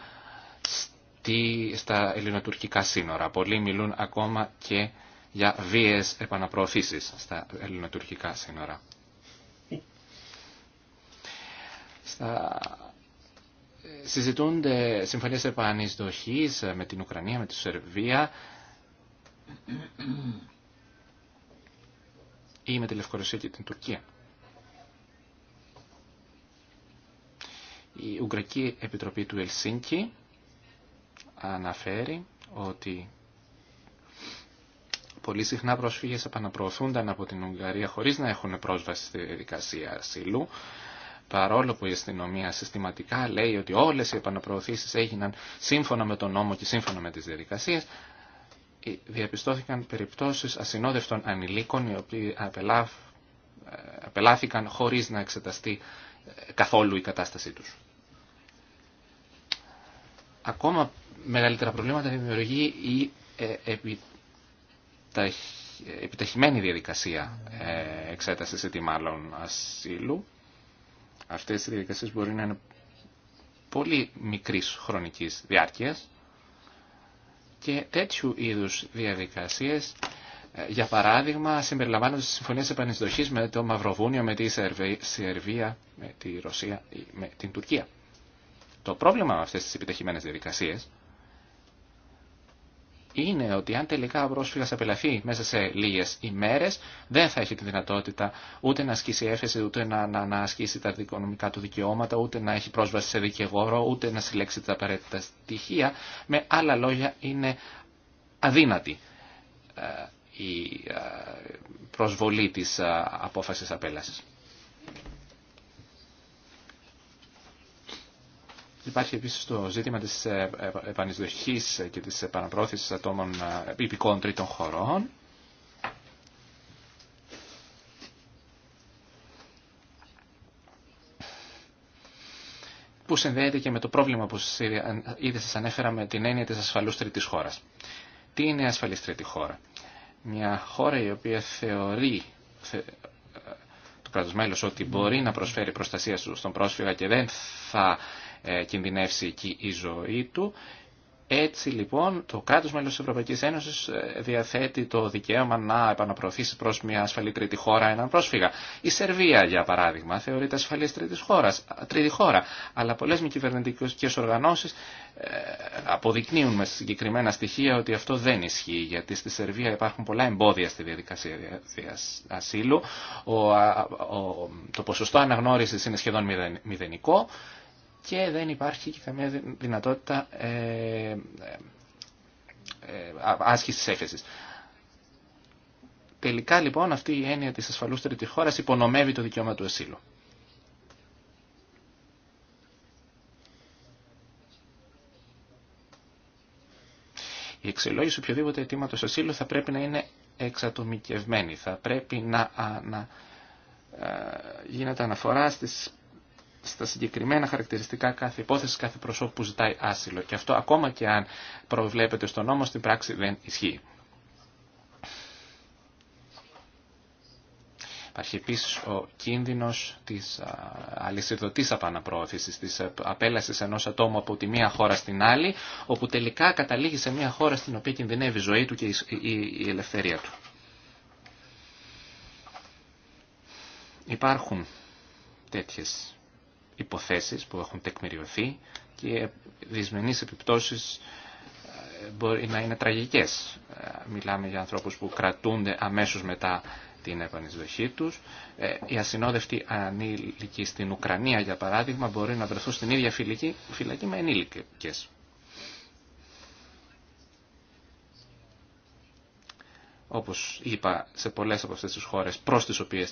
[SPEAKER 3] στη, στα ελληνοτουρκικά σύνορα. Πολλοί μιλούν ακόμα και για βίες επαναπροωθήσεις στα ελληνοτουρκικά σύνορα. Στα... Συζητούνται συμφωνίες επανεισδοχής με την Ουκρανία, με τη Σερβία ή με τη Λευκορωσία και την Τουρκία. Η Ουγγρική Επιτροπή του Ελσίνκη αναφέρει ότι πολύ συχνά πρόσφυγες επαναπροωθούνταν από την Ουγγαρία χωρίς να έχουν πρόσβαση στη διαδικασία ασύλου, παρόλο που η αστυνομία συστηματικά λέει ότι όλες οι επαναπροωθήσεις έγιναν σύμφωνα με τον νόμο και σύμφωνα με τις διαδικασίες, διαπιστώθηκαν περιπτώσεις ασυνόδευτων ανηλίκων οι οποίοι ε, απελάθηκαν χωρίς να εξεταστεί ε, καθόλου η κατάστασή τους ακόμα μεγαλύτερα προβλήματα δημιουργεί η ε, επιταχυμένη διαδικασία ε, εξέτασης ετοιμάλων ασύλου. Αυτές οι διαδικασίες μπορεί να είναι πολύ μικρής χρονικής διάρκειας και τέτοιου είδους διαδικασίες ε, για παράδειγμα, συμπεριλαμβάνονται στις συμφωνίε επανεισδοχή με το Μαυροβούνιο, με τη Σερβία, με τη Ρωσία, με την Τουρκία. Το πρόβλημα με αυτές τις επιτυχημένε διαδικασίες είναι ότι αν τελικά ο πρόσφυγα απελαθεί μέσα σε λίγε ημέρε, δεν θα έχει τη δυνατότητα ούτε να ασκήσει έφεση, ούτε να, να, να ασκήσει τα οικονομικά του δικαιώματα, ούτε να έχει πρόσβαση σε δικηγόρο, ούτε να συλλέξει τα απαραίτητα στοιχεία. Με άλλα λόγια, είναι αδύνατη ε, η ε, προσβολή της ε, απόφασης απέλασης. Υπάρχει επίση το ζήτημα της ε, ε, επανεισδοχή και τη επαναπρόθεση ατόμων ε, υπηκών τρίτων χωρών. που συνδέεται και με το πρόβλημα που ήδη σας ανέφερα με την έννοια της ασφαλούς τρίτης χώρας. Τι είναι ασφαλής τρίτη χώρα? Μια χώρα η οποία θεωρεί το κράτος μέλος ότι μπορεί να προσφέρει προστασία στον πρόσφυγα και δεν θα ε, κινδυνεύσει εκεί η ζωή του. Έτσι λοιπόν το κράτος μέλος της Ευρωπαϊκής Ένωσης ε, διαθέτει το δικαίωμα να επαναπροωθήσει προς μια ασφαλή τρίτη χώρα έναν πρόσφυγα. Η Σερβία για παράδειγμα θεωρείται ασφαλής τρίτης χώρας, τρίτη χώρα, αλλά πολλές μη κυβερνητικές οργανώσεις ε, αποδεικνύουν με συγκεκριμένα στοιχεία ότι αυτό δεν ισχύει, γιατί στη Σερβία υπάρχουν πολλά εμπόδια στη διαδικασία ασύλου, το ποσοστό αναγνώρισης είναι σχεδόν μηδενικό, και δεν υπάρχει και καμία δυνατότητα ε, ε, ε άσκησης έφεσης. Τελικά λοιπόν αυτή η έννοια της ασφαλούς τρίτη χώρας υπονομεύει το δικαίωμα του ασύλου. Η εξελόγηση οποιοδήποτε αιτήματο ασύλου θα πρέπει να είναι εξατομικευμένη. Θα πρέπει να, να ε, γίνεται αναφορά στις στα συγκεκριμένα χαρακτηριστικά κάθε υπόθεση, κάθε προσώπου που ζητάει άσυλο. Και αυτό ακόμα και αν προβλέπεται στον νόμο, στην πράξη δεν ισχύει. Υπάρχει επίση ο κίνδυνο τη αλυσιδωτή επαναπροώθηση, τη απέλαση ενό ατόμου από τη μία χώρα στην άλλη, όπου τελικά καταλήγει σε μία χώρα στην οποία κινδυνεύει η ζωή του και η ελευθερία του. Υπάρχουν τέτοιες υποθέσεις που έχουν τεκμηριωθεί και δυσμενείς επιπτώσεις ε, μπορεί να είναι τραγικές. Ε, μιλάμε για ανθρώπους που κρατούνται αμέσως μετά την επανεισδοχή τους. Ε, οι ασυνόδευτοι ανήλικοι στην Ουκρανία, για παράδειγμα, μπορεί να βρεθούν στην ίδια φυλακή, με ενήλικες. Όπως είπα, σε πολλές από αυτές τις χώρες προς τις οποίες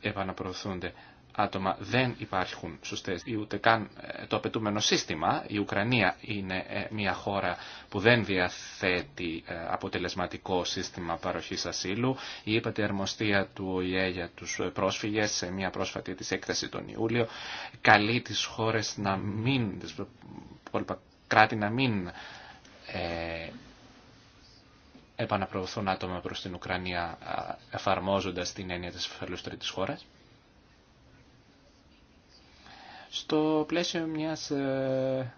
[SPEAKER 3] επαναπροωθούνται άτομα δεν υπάρχουν σωστές ή ούτε καν ε, το απαιτούμενο σύστημα. Η Ουκρανία είναι ε, μια χώρα που δεν διαθέτει ε, αποτελεσματικό σύστημα παροχής ασύλου. Η είπατε του ΟΗΕ για τους πρόσφυγες σε μια πρόσφατη της έκθεση τον Ιούλιο καλεί τις χώρες να μην, τις κράτη να μην ε, επαναπροωθούν άτομα προς την Ουκρανία εφαρμόζοντας την έννοια της ασφαλούς τρίτης χώρας στο πλαίσιο μιας ε,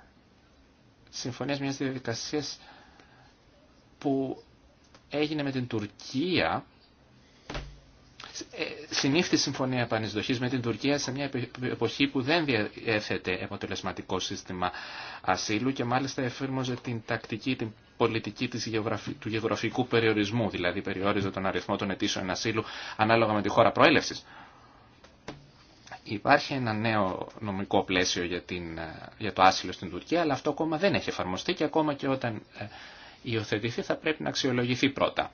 [SPEAKER 3] συμφωνίας, μιας διαδικασίας που έγινε με την Τουρκία, ε, συνήφθη συμφωνία επανεισδοχής με την Τουρκία σε μια εποχή που δεν διέθετε αποτελεσματικό σύστημα ασύλου και μάλιστα εφήρμοζε την τακτική, την πολιτική της του γεωγραφικού περιορισμού, δηλαδή περιόριζε τον αριθμό των αιτήσεων ασύλου ανάλογα με τη χώρα προέλευσης. Υπάρχει ένα νέο νομικό πλαίσιο για, την, ε, για το άσυλο στην Τουρκία, αλλά αυτό ακόμα δεν έχει εφαρμοστεί και ακόμα και όταν ε, υιοθετηθεί θα πρέπει να αξιολογηθεί πρώτα.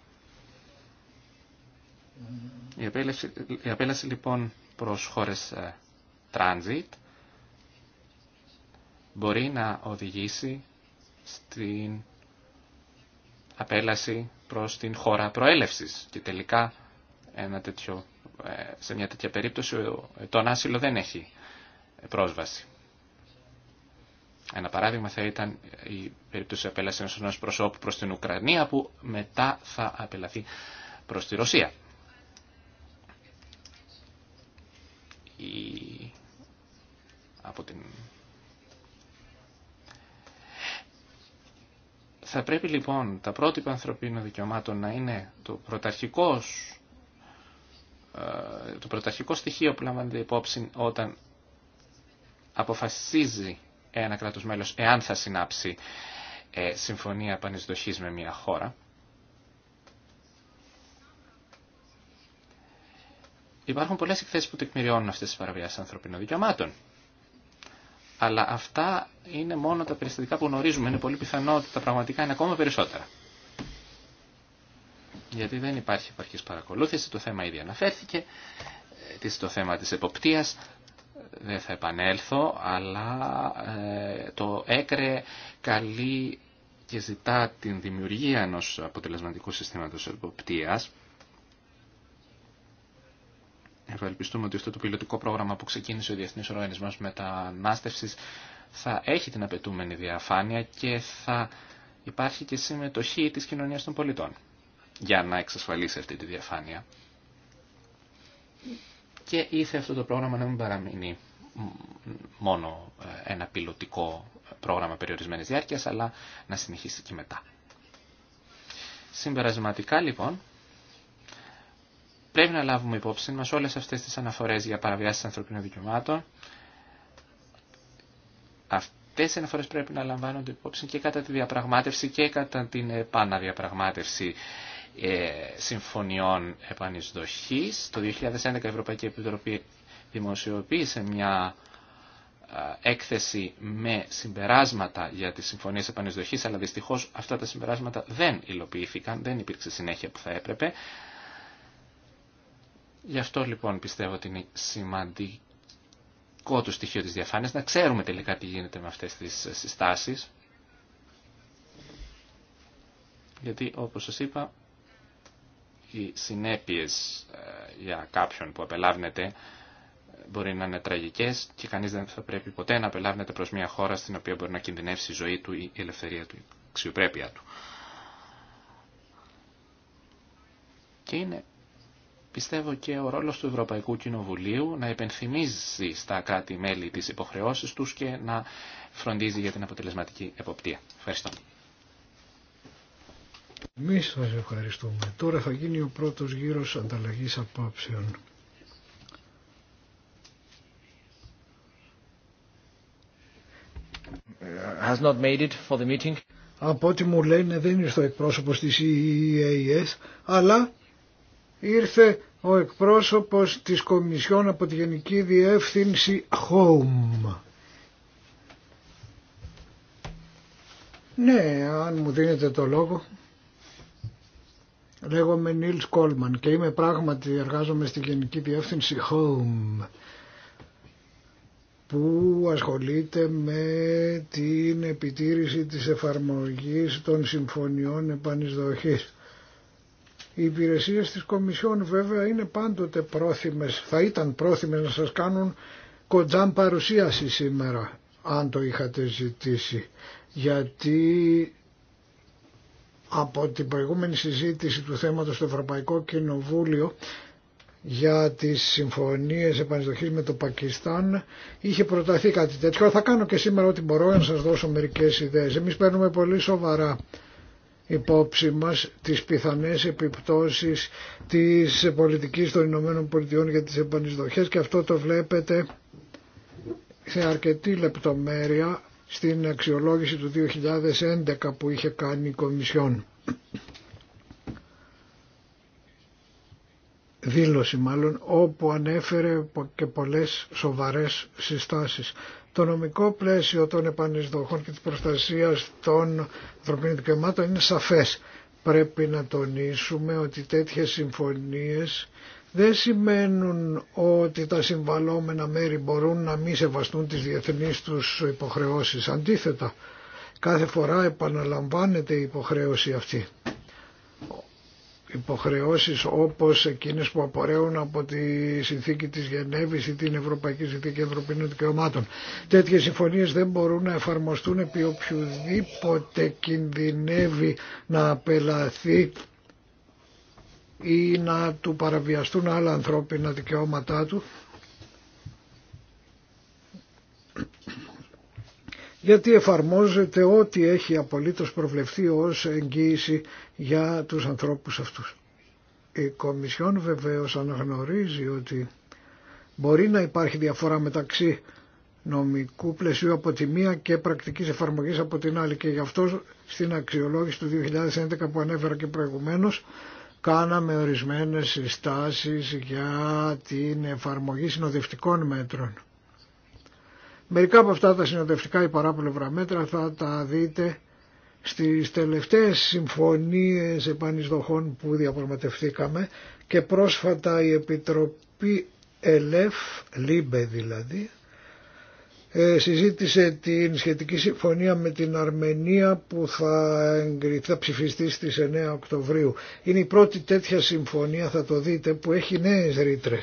[SPEAKER 3] Η απέλαση, απέλαση λοιπόν προς χώρες ε, transit μπορεί να οδηγήσει στην απέλαση προς την χώρα προέλευσης και τελικά ένα τέτοιο σε μια τέτοια περίπτωση τον άσυλο δεν έχει πρόσβαση. Ένα παράδειγμα θα ήταν η περίπτωση απέλαση ενός προσώπου προς την Ουκρανία που μετά θα απελαθεί προς τη Ρωσία. Από Θα πρέπει λοιπόν τα πρότυπα ανθρωπίνων δικαιωμάτων να είναι το πρωταρχικός ε, το πρωταρχικό στοιχείο που λαμβάνεται υπόψη όταν αποφασίζει ένα κράτος μέλος εάν θα συνάψει ε, συμφωνία πανεσδοχής με μια χώρα. Υπάρχουν πολλές εκθέσεις που τεκμηριώνουν αυτές τις παραβιάσεις ανθρωπίνων δικαιωμάτων. Αλλά αυτά είναι μόνο τα περιστατικά που γνωρίζουμε. Είναι πολύ πιθανό ότι τα πραγματικά είναι ακόμα περισσότερα γιατί δεν υπάρχει επαρκής παρακολούθηση, το θέμα ήδη αναφέρθηκε, το θέμα της εποπτείας, δεν θα επανέλθω, αλλά ε, το έκρε καλή και ζητά την δημιουργία ενός αποτελεσματικού συστήματος εποπτείας. Ευελπιστούμε ότι αυτό το πιλωτικό πρόγραμμα που ξεκίνησε ο Διεθνής Οργανισμός Μετανάστευσης θα έχει την απαιτούμενη διαφάνεια και θα υπάρχει και συμμετοχή της κοινωνίας των πολιτών για να εξασφαλίσει αυτή τη διαφάνεια. Και ήθε αυτό το πρόγραμμα να μην παραμείνει μόνο ε, ένα πιλωτικό πρόγραμμα περιορισμένης διάρκειας, αλλά να συνεχίσει και μετά. Συμπερασματικά λοιπόν, πρέπει να λάβουμε υπόψη μας όλες αυτές τις αναφορές για παραβιάσεις ανθρωπίνων δικαιωμάτων. Αυτές οι αναφορές πρέπει να λαμβάνονται υπόψη και κατά τη διαπραγμάτευση και κατά την επαναδιαπραγμάτευση ε, συμφωνιών επανεισδοχής. Το 2011 η Ευρωπαϊκή Επιτροπή δημοσιοποίησε μια έκθεση με συμπεράσματα για τις συμφωνίες επανεισδοχής, αλλά δυστυχώς αυτά τα συμπεράσματα δεν υλοποιήθηκαν, δεν υπήρξε συνέχεια που θα έπρεπε. Γι' αυτό λοιπόν πιστεύω ότι είναι σημαντικό το στοιχείο της διαφάνειας, να ξέρουμε τελικά τι γίνεται με αυτές τις συστάσεις. Γιατί όπως σας είπα, οι συνέπειες ε, για κάποιον που απελάβνεται ε, μπορεί να είναι τραγικές και κανείς δεν θα πρέπει ποτέ να απελάβνεται προς μια χώρα στην οποία μπορεί να κινδυνεύσει η ζωή του, η η ελευθερία του, η αξιοπρέπεια του. Και είναι, πιστεύω, και ο ρόλος του Ευρωπαϊκού Κοινοβουλίου να υπενθυμίζει στα κράτη-μέλη τις υποχρεώσεις τους και να φροντίζει για την αποτελεσματική εποπτεία. Ευχαριστώ.
[SPEAKER 2] Εμεί σας ευχαριστούμε. Τώρα θα γίνει ο πρώτος γύρος ανταλλαγής απόψεων.
[SPEAKER 3] Has meeting.
[SPEAKER 2] Από ό,τι μου λένε δεν ήρθε ο εκπρόσωπος της EEAS, αλλά ήρθε ο εκπρόσωπος της Κομισιόν από τη Γενική Διεύθυνση HOME. Ναι, αν μου δίνετε το λόγο. Λέγομαι Νίλ Κόλμαν και είμαι πράγματι εργάζομαι στη Γενική Διεύθυνση Home που ασχολείται με την επιτήρηση της εφαρμογής των συμφωνιών επανεισδοχής. Οι υπηρεσίες της Κομισιόν βέβαια είναι πάντοτε πρόθυμες, θα ήταν πρόθυμες να σας κάνουν κοντζάν παρουσίαση σήμερα αν το είχατε ζητήσει γιατί από την προηγούμενη συζήτηση του θέματος στο Ευρωπαϊκό Κοινοβούλιο για τις συμφωνίες επανεισδοχής με το Πακιστάν είχε προταθεί κάτι τέτοιο. Θα κάνω και σήμερα ό,τι μπορώ να σας δώσω μερικές ιδέες. Εμείς παίρνουμε πολύ σοβαρά υπόψη μας τις πιθανές επιπτώσεις της πολιτικής των Ηνωμένων Πολιτειών για τις επανεισδοχές και αυτό το βλέπετε σε αρκετή λεπτομέρεια στην αξιολόγηση του 2011 που είχε κάνει η Κομισιόν. Δήλωση μάλλον, όπου ανέφερε και πολλές σοβαρές συστάσεις. Το νομικό πλαίσιο των επανεισδοχών και της προστασίας των ανθρωπίνων δικαιωμάτων είναι σαφές. Πρέπει να τονίσουμε ότι τέτοιες συμφωνίες δεν σημαίνουν ότι τα συμβαλόμενα μέρη μπορούν να μη σεβαστούν τις διεθνείς τους υποχρεώσεις. Αντίθετα, κάθε φορά επαναλαμβάνεται η υποχρέωση αυτή. Υποχρεώσεις όπως εκείνες που απορρέουν από τη συνθήκη της Γενέβης ή την Ευρωπαϊκή Συνθήκη Ευρωπαϊκών Δικαιωμάτων. Τέτοιες συμφωνίες δεν μπορούν να εφαρμοστούν επί οποιοδήποτε κινδυνεύει να απελαθεί ή να του παραβιαστούν άλλα ανθρώπινα δικαιώματά του γιατί εφαρμόζεται ό,τι έχει απολύτως προβλεφθεί ως εγγύηση για τους ανθρώπους αυτούς. Η Κομισιόν βεβαίως αναγνωρίζει ότι μπορεί να υπάρχει διαφορά μεταξύ νομικού πλαισίου από τη μία και πρακτικής εφαρμογής από την άλλη και γι' αυτό στην αξιολόγηση του 2011 που ανέφερα και προηγουμένως κάναμε ορισμένες συστάσεις για την εφαρμογή συνοδευτικών μέτρων. Μερικά από αυτά τα συνοδευτικά ή παράπλευρα μέτρα θα τα δείτε στις τελευταίες συμφωνίες επανεισδοχών που διαπραγματευθήκαμε και πρόσφατα η Επιτροπή ΕΛΕΦ, ΛΥΜΠΕ δηλαδή, ε, συζήτησε την σχετική συμφωνία με την Αρμενία που θα, θα ψηφιστεί στις 9 Οκτωβρίου. Είναι η πρώτη τέτοια συμφωνία, θα το δείτε, που έχει νέες ρήτρε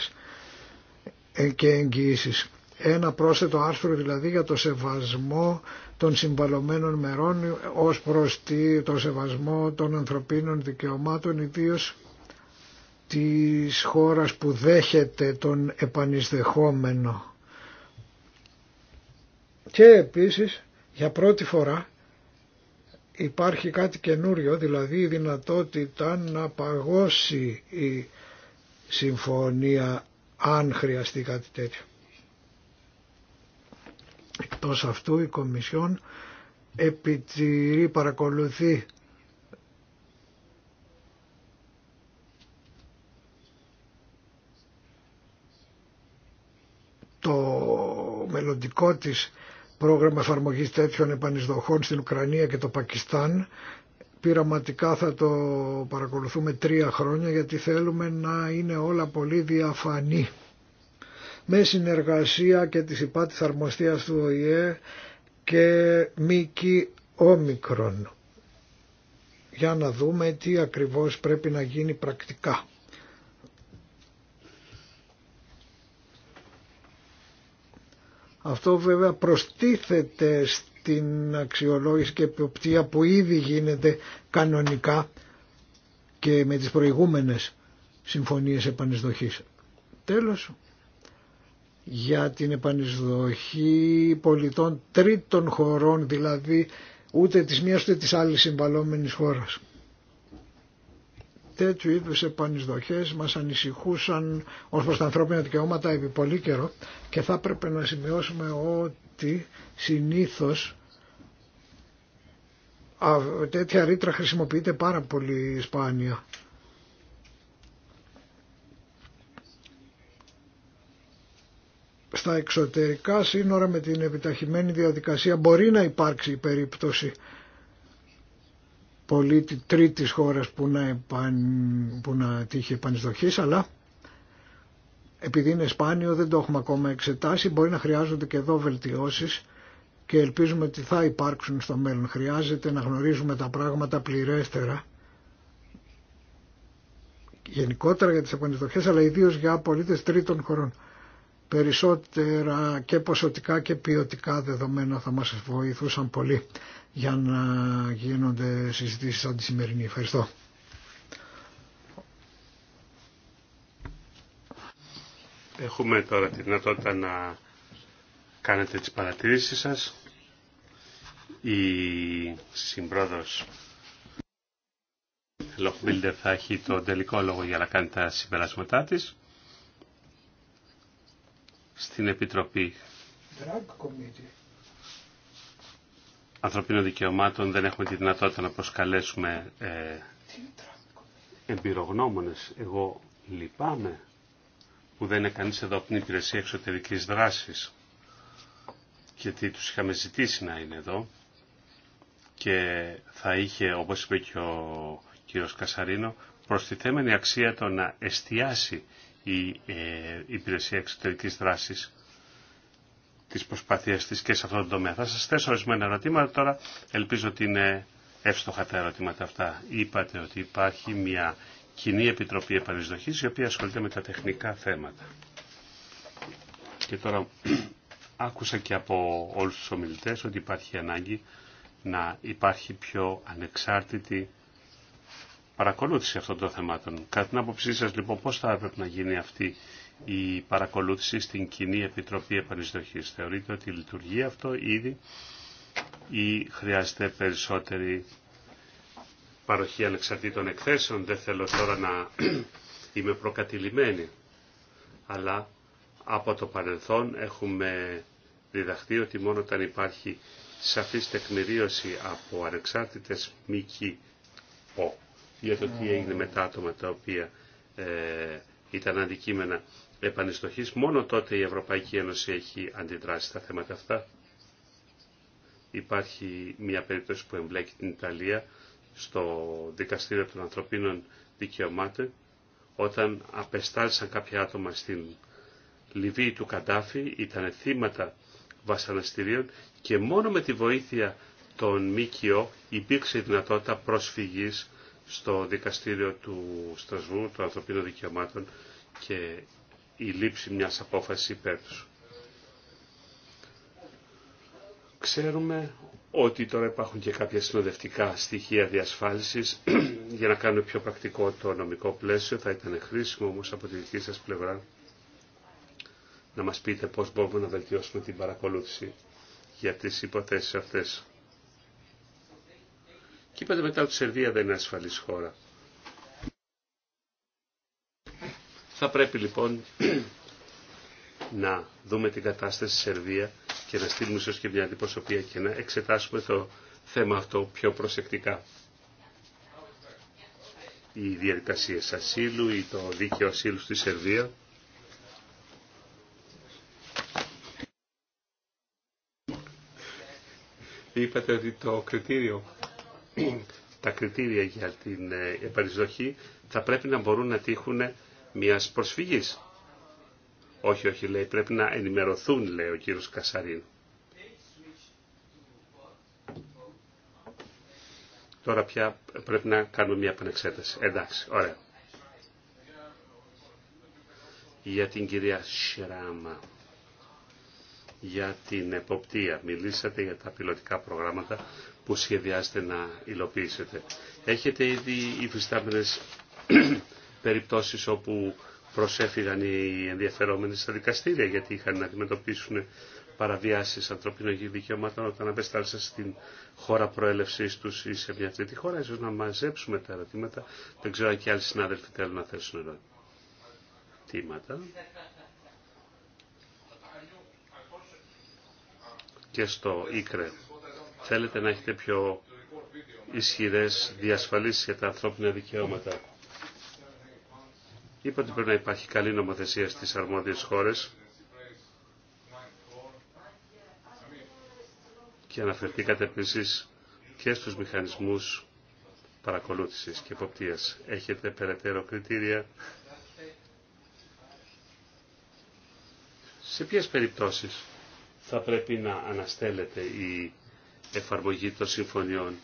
[SPEAKER 2] ε, και εγγυήσεις. Ένα πρόσθετο άρθρο δηλαδή για το σεβασμό των συμβαλωμένων μερών ως προς το σεβασμό των ανθρωπίνων δικαιωμάτων ιδίως της χώρας που δέχεται τον επανεισδεχόμενο και επίσης για πρώτη φορά υπάρχει κάτι καινούριο, δηλαδή η δυνατότητα να παγώσει η συμφωνία αν χρειαστεί κάτι τέτοιο. Εκτός αυτού η Κομισιόν επιτηρεί, παρακολουθεί το μελλοντικό της πρόγραμμα εφαρμογής τέτοιων επανεισδοχών στην Ουκρανία και το Πακιστάν. Πειραματικά θα το παρακολουθούμε τρία χρόνια γιατί θέλουμε να είναι όλα πολύ διαφανή. Με συνεργασία και της υπάτης αρμοστίας του ΟΗΕ και μήκη όμικρον. Για να δούμε τι ακριβώς πρέπει να γίνει πρακτικά. Αυτό βέβαια προστίθεται στην αξιολόγηση και επιοπτία που ήδη γίνεται κανονικά και με τις προηγούμενες συμφωνίες επανεισδοχής. Τέλος, για την επανεισδοχή πολιτών τρίτων χωρών, δηλαδή ούτε της μίας ούτε της άλλης συμβαλόμενης χώρας τέτοιου είδου επανεισδοχέ μα ανησυχούσαν ω προ τα ανθρώπινα δικαιώματα επί πολύ καιρό και θα έπρεπε να σημειώσουμε ότι συνήθω τέτοια ρήτρα χρησιμοποιείται πάρα πολύ σπάνια. Στα εξωτερικά σύνορα με την επιταχυμένη διαδικασία μπορεί να υπάρξει η περίπτωση πολίτη τρίτης χώρας που να, επαν, που να τύχει επανεισδοχής, αλλά επειδή είναι σπάνιο δεν το έχουμε ακόμα εξετάσει, μπορεί να χρειάζονται και εδώ βελτιώσεις και ελπίζουμε ότι θα υπάρξουν στο μέλλον. Χρειάζεται να γνωρίζουμε τα πράγματα πληρέστερα, γενικότερα για τις επανεισδοχές, αλλά ιδίως για πολίτες τρίτων χωρών. Περισσότερα και ποσοτικά και ποιοτικά δεδομένα θα μας βοηθούσαν πολύ για να γίνονται συζητήσεις σαν τη σημερινή. Ευχαριστώ.
[SPEAKER 1] Έχουμε τώρα τη δυνατότητα να κάνετε τις παρατηρήσεις σας. Η συμπρόδο. Λοχμίλτερ θα έχει τον τελικό λόγο για να κάνει τα συμπεράσματά της στην Επιτροπή Ανθρωπίνων Δικαιωμάτων δεν έχουμε τη δυνατότητα να προσκαλέσουμε ε, εμπειρογνώμονες. Εγώ λυπάμαι που δεν είναι κανείς εδώ από την Υπηρεσία Εξωτερικής Δράσης γιατί τους είχαμε ζητήσει να είναι εδώ και θα είχε, όπως είπε και ο κύριος Κασαρίνο, προστιθέμενη αξία το να εστιάσει η ε, Υπηρεσία Εξωτερικής Δράσης της προσπαθία της και σε αυτόν τον τομέα. Θα σας θέσω ορισμένα ερωτήματα τώρα. Ελπίζω ότι είναι εύστοχα τα ερωτήματα αυτά. Είπατε ότι υπάρχει μια κοινή επιτροπή επανεισδοχής η οποία ασχολείται με τα τεχνικά θέματα. Και τώρα άκουσα και από όλους τους ομιλητές ότι υπάρχει ανάγκη να υπάρχει πιο ανεξάρτητη παρακολούθηση αυτών των θεμάτων. Κατά την άποψή σα λοιπόν πώ θα έπρεπε να γίνει αυτή η παρακολούθηση στην Κοινή Επιτροπή επανεισδοχή, Θεωρείτε ότι λειτουργεί αυτό ήδη ή χρειάζεται περισσότερη παροχή ανεξαρτήτων εκθέσεων. Δεν θέλω τώρα να είμαι προκατηλημένη. Αλλά από το παρελθόν έχουμε διδαχθεί ότι μόνο όταν υπάρχει σαφή τεκμηρίωση από ανεξάρτητες μήκη ο για το τι έγινε με τα άτομα τα οποία ε, ήταν αντικείμενα επανειστοχής. Μόνο τότε η Ευρωπαϊκή Ένωση έχει αντιδράσει στα θέματα αυτά. Υπάρχει μια περίπτωση που εμπλέκει την Ιταλία στο Δικαστήριο των Ανθρωπίνων Δικαιωμάτων όταν απεστάλησαν κάποια άτομα στην Λιβύη του Καντάφη, ήταν θύματα βασαναστηρίων και μόνο με τη βοήθεια των ΜΚΟ υπήρξε η δυνατότητα προσφυγής στο δικαστήριο του Στρασβού των ανθρωπίνων δικαιωμάτων και η λήψη μιας απόφασης υπέρ τους. Ξέρουμε ότι τώρα υπάρχουν και κάποια συνοδευτικά στοιχεία διασφάλισης για να κάνουμε πιο πρακτικό το νομικό πλαίσιο. Θα ήταν χρήσιμο όμως από τη δική σας πλευρά να μας πείτε πώς μπορούμε να βελτιώσουμε την παρακολούθηση για τις υποθέσεις αυτές είπατε μετά ότι η Σερβία δεν είναι ασφαλής χώρα. Θα πρέπει λοιπόν να δούμε την κατάσταση στη Σερβία και να στείλουμε ίσως και μια αντιπροσωπεία και να εξετάσουμε το θέμα αυτό πιο προσεκτικά. Οι διαδικασίες ασύλου ή το δίκαιο ασύλου στη Σερβία είπατε ότι το κριτήριο τα κριτήρια για την ε, επαρισδοχή θα πρέπει να μπορούν να τύχουν μιας προσφυγής. Όχι, όχι, λέει, πρέπει να ενημερωθούν, λέει ο κύριος Κασαρίν. Τώρα πια πρέπει να κάνουμε μια επανεξέταση. Εντάξει, ωραία. Για την κυρία Σιράμα, για την εποπτεία. Μιλήσατε για τα πιλωτικά προγράμματα που σχεδιάστε να υλοποιήσετε. Έχετε ήδη υφιστάμενες περιπτώσεις όπου προσέφυγαν οι ενδιαφερόμενοι στα δικαστήρια γιατί είχαν να αντιμετωπίσουν παραβιάσεις ανθρωπίνων δικαιωμάτων όταν απέσταλσαν στην χώρα προέλευσής τους ή σε μια τρίτη χώρα. Ίσως να μαζέψουμε τα ερωτήματα. Δεν ξέρω αν και άλλοι συνάδελφοι θέλουν να θέσουν ερωτήματα. Και στο Ίκρε θέλετε να έχετε πιο ισχυρές διασφαλίσεις για τα ανθρώπινα δικαιώματα. Είπα ότι πρέπει να υπάρχει καλή νομοθεσία στις αρμόδιες χώρες και αναφερθήκατε επίσης και στους μηχανισμούς παρακολούθησης και εποπτείας. Έχετε περαιτέρω κριτήρια. Σε ποιες περιπτώσεις θα πρέπει να αναστέλλεται η εφαρμογή των συμφωνιών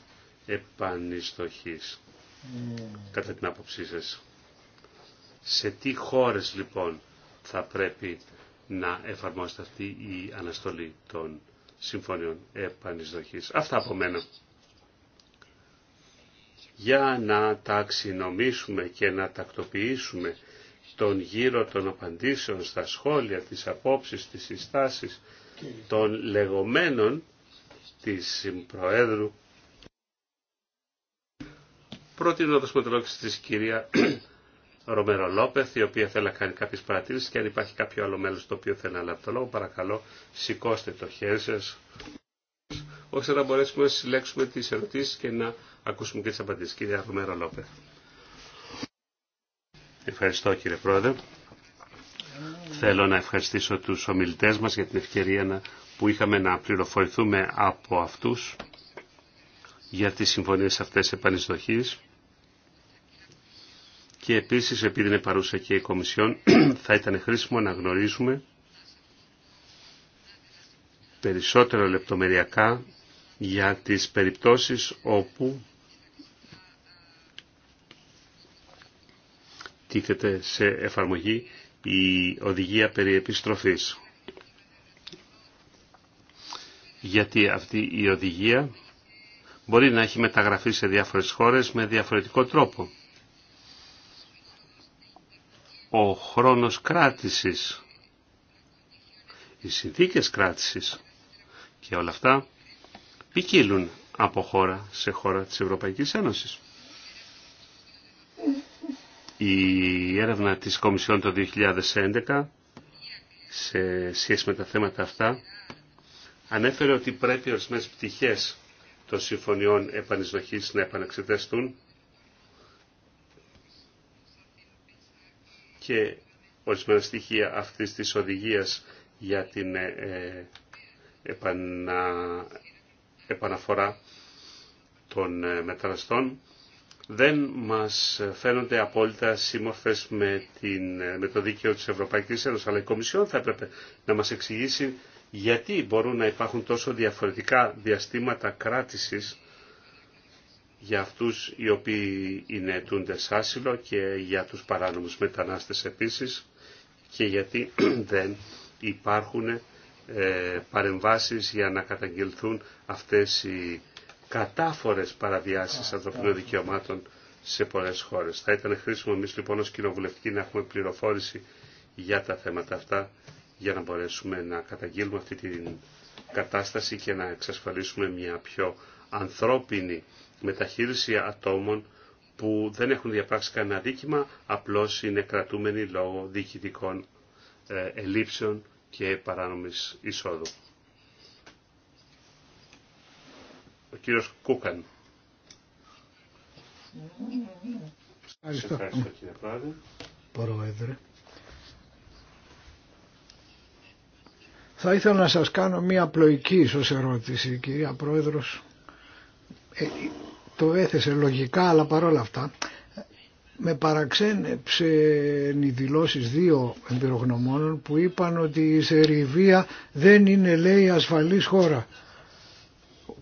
[SPEAKER 1] επανιστοχής, mm. κατά την άποψή σας. Σε τι χώρες λοιπόν θα πρέπει να εφαρμόσετε αυτή η αναστολή των συμφωνιών επανεισδοχής. Αυτά από μένα. Για να ταξινομήσουμε και να τακτοποιήσουμε τον γύρο των απαντήσεων στα σχόλια, τις απόψεις, τις συστάσεις των λεγόμενων της Προέδρου πρότεινε να το δώσουμε λόγο της κυρία Ρομέρο Λόπεθ, η οποία θέλει να κάνει κάποιες παρατηρήσεις και αν υπάρχει κάποιο άλλο μέλος το οποίο θέλει να λάβει το λόγο, παρακαλώ σηκώστε το χέρι σας ώστε να μπορέσουμε να συλλέξουμε τις ερωτήσεις και να ακούσουμε και τις απαντήσεις. Κυρία Ρομέρο Λόπεθ. Ευχαριστώ κύριε Πρόεδρε. Θέλω να ευχαριστήσω τους ομιλητές μας για την ευκαιρία να που είχαμε να πληροφορηθούμε από αυτούς για τις συμφωνίες αυτές επανεισδοχής και επίσης επειδή είναι παρούσα και η Κομισιόν θα ήταν χρήσιμο να γνωρίζουμε περισσότερο λεπτομεριακά για τις περιπτώσεις όπου τίθεται σε εφαρμογή η οδηγία περί επιστροφής γιατί αυτή η οδηγία μπορεί να έχει μεταγραφεί σε διάφορες χώρες με διαφορετικό τρόπο. Ο χρόνος κράτησης, οι συνθήκες κράτησης και όλα αυτά ποικίλουν από χώρα σε χώρα της Ευρωπαϊκής Ένωσης. Η έρευνα της Κομισιόν το 2011 σε σχέση με τα θέματα αυτά ανέφερε ότι πρέπει ορισμένε πτυχές των συμφωνιών επανεισδοχής να επαναξεταστούν και ορισμένα στοιχεία αυτή τη οδηγία για την ε, ε, επανα, επαναφορά των ε, μεταναστών δεν μας φαίνονται απόλυτα σύμμορφες με, την, με το δίκαιο της Ευρωπαϊκής Ένωσης, αλλά η Κομισιόν θα έπρεπε να μας εξηγήσει γιατί μπορούν να υπάρχουν τόσο διαφορετικά διαστήματα κράτησης για αυτούς οι οποίοι είναι αιτούντες άσυλο και για τους παράνομους μετανάστες επίσης και γιατί δεν υπάρχουν ε, παρεμβάσεις για να καταγγελθούν αυτές οι κατάφορες παραβιάσεις ανθρωπινών δικαιωμάτων σε πολλές χώρες. Θα ήταν χρήσιμο εμείς λοιπόν ως κοινοβουλευτικοί να έχουμε πληροφόρηση για τα θέματα αυτά για να μπορέσουμε να καταγγείλουμε αυτή την κατάσταση και να εξασφαλίσουμε μια πιο ανθρώπινη μεταχείριση ατόμων που δεν έχουν διαπράξει κανένα δίκημα, απλώς είναι κρατούμενοι λόγω διοικητικών ε, ελλείψεων και παράνομης εισόδου. Ο κύριος Κούκαν. Ευχαριστώ.
[SPEAKER 2] Θα ήθελα να σας κάνω μία πλοϊκή ίσως ερώτηση, κυρία Πρόεδρος. Ε, το έθεσε λογικά, αλλά παρόλα αυτά. Με παραξένεψε οι δηλώσει δύο εμπειρογνωμόνων που είπαν ότι η Σεριβία δεν είναι λέει ασφαλής χώρα.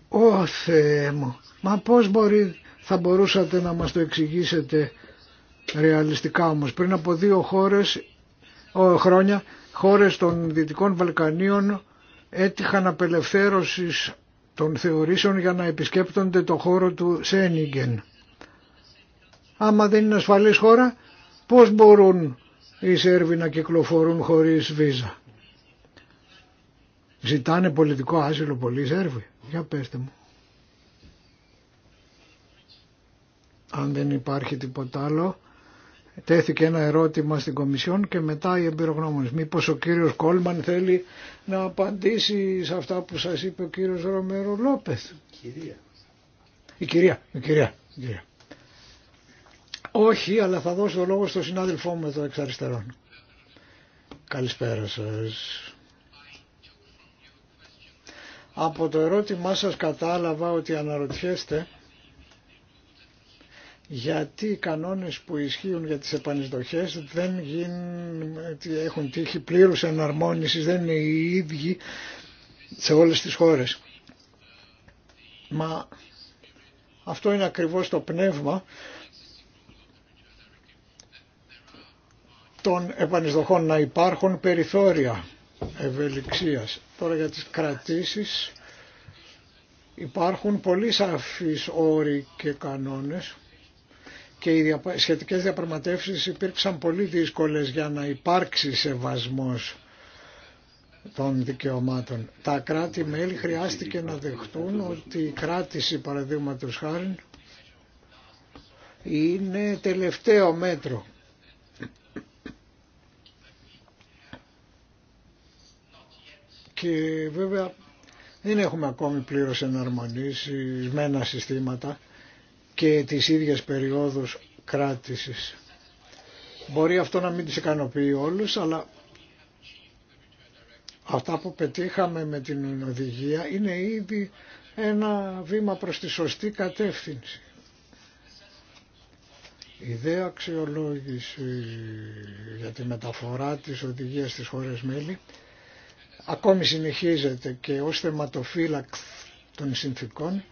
[SPEAKER 2] Ω Θεέ μου, μα πώς μπορεί, θα μπορούσατε να μας το εξηγήσετε ρεαλιστικά όμως. Πριν από δύο χώρες, ο, χρόνια χώρες των Δυτικών Βαλκανίων έτυχαν απελευθέρωσης των θεωρήσεων για να επισκέπτονται το χώρο του Σένιγκεν. Άμα δεν είναι ασφαλής χώρα, πώς μπορούν οι Σέρβοι να κυκλοφορούν χωρίς βίζα. Ζητάνε πολιτικό άσυλο πολλοί Σέρβοι. Για πέστε μου. Αν δεν υπάρχει τίποτα άλλο, τέθηκε ένα ερώτημα στην Κομισιόν και μετά οι εμπειρογνώμονες. Μήπως ο κύριος Κόλμαν θέλει να απαντήσει σε αυτά που σας είπε ο κύριος Ρωμέρο Λόπεθ. Κυρία. Η κυρία, η κυρία, κυρία. Όχι, αλλά θα δώσω το λόγο στον συνάδελφό μου εδώ εξ αριστερών. Καλησπέρα σας. Από το ερώτημά σας κατάλαβα ότι αναρωτιέστε γιατί οι κανόνες που ισχύουν για τις επανεισδοχές δεν γίνουν, έχουν τύχει πλήρους εναρμόνισης, δεν είναι οι ίδιοι σε όλες τις χώρες. Μα αυτό είναι ακριβώς το πνεύμα των επανεισδοχών να υπάρχουν περιθώρια ευελιξίας. Τώρα για τις κρατήσεις υπάρχουν πολύ σαφείς όροι και κανόνες και οι σχετικές διαπραγματεύσεις υπήρξαν πολύ δύσκολες για να υπάρξει σεβασμός των δικαιωμάτων. Τα κράτη-μέλη χρειάστηκε να δεχτούν ότι η κράτηση παραδείγματο χάρη είναι τελευταίο μέτρο. Και βέβαια δεν έχουμε ακόμη πλήρως εναρμονισμένα συστήματα και τις ίδιες περιόδους κράτησης. Μπορεί αυτό να μην τις ικανοποιεί όλους, αλλά αυτά που πετύχαμε με την οδηγία είναι ήδη ένα βήμα προς τη σωστή κατεύθυνση. Η ιδέα αξιολόγηση για τη μεταφορά της οδηγίας στις χώρες μέλη ακόμη συνεχίζεται και ως θεματοφύλακ των συνθήκων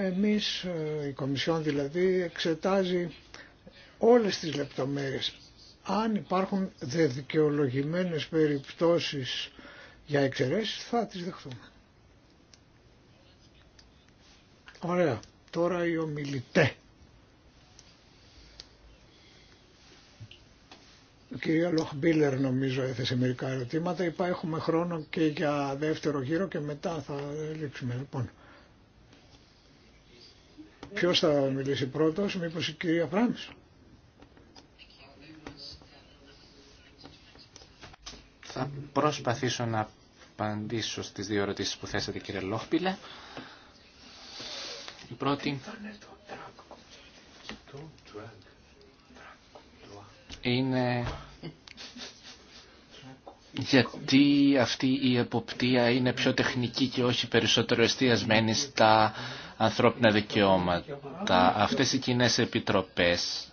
[SPEAKER 2] εμείς, ε, η Κομισιόν δηλαδή, εξετάζει όλες τις λεπτομέρειες. Αν υπάρχουν δεδικαιολογημένες περιπτώσεις για εξαιρέσεις θα τις δεχτούμε. Ωραία. Τώρα οι ομιλητέ. Η κυρία Λοχμπίλερ νομίζω έθεσε μερικά ερωτήματα. Είπα έχουμε χρόνο και για δεύτερο γύρο και μετά θα λήξουμε. Λοιπόν. Ποιος θα μιλήσει πρώτος, μήπως η κυρία
[SPEAKER 3] Θα προσπαθήσω να απαντήσω στις δύο ερωτήσεις που θέσατε κύριε Λόχπιλε. Η πρώτη είναι γιατί αυτή η εποπτεία είναι πιο τεχνική και όχι περισσότερο εστιασμένη στα ανθρώπινα δικαιώματα. Αυτές οι κοινέ επιτροπές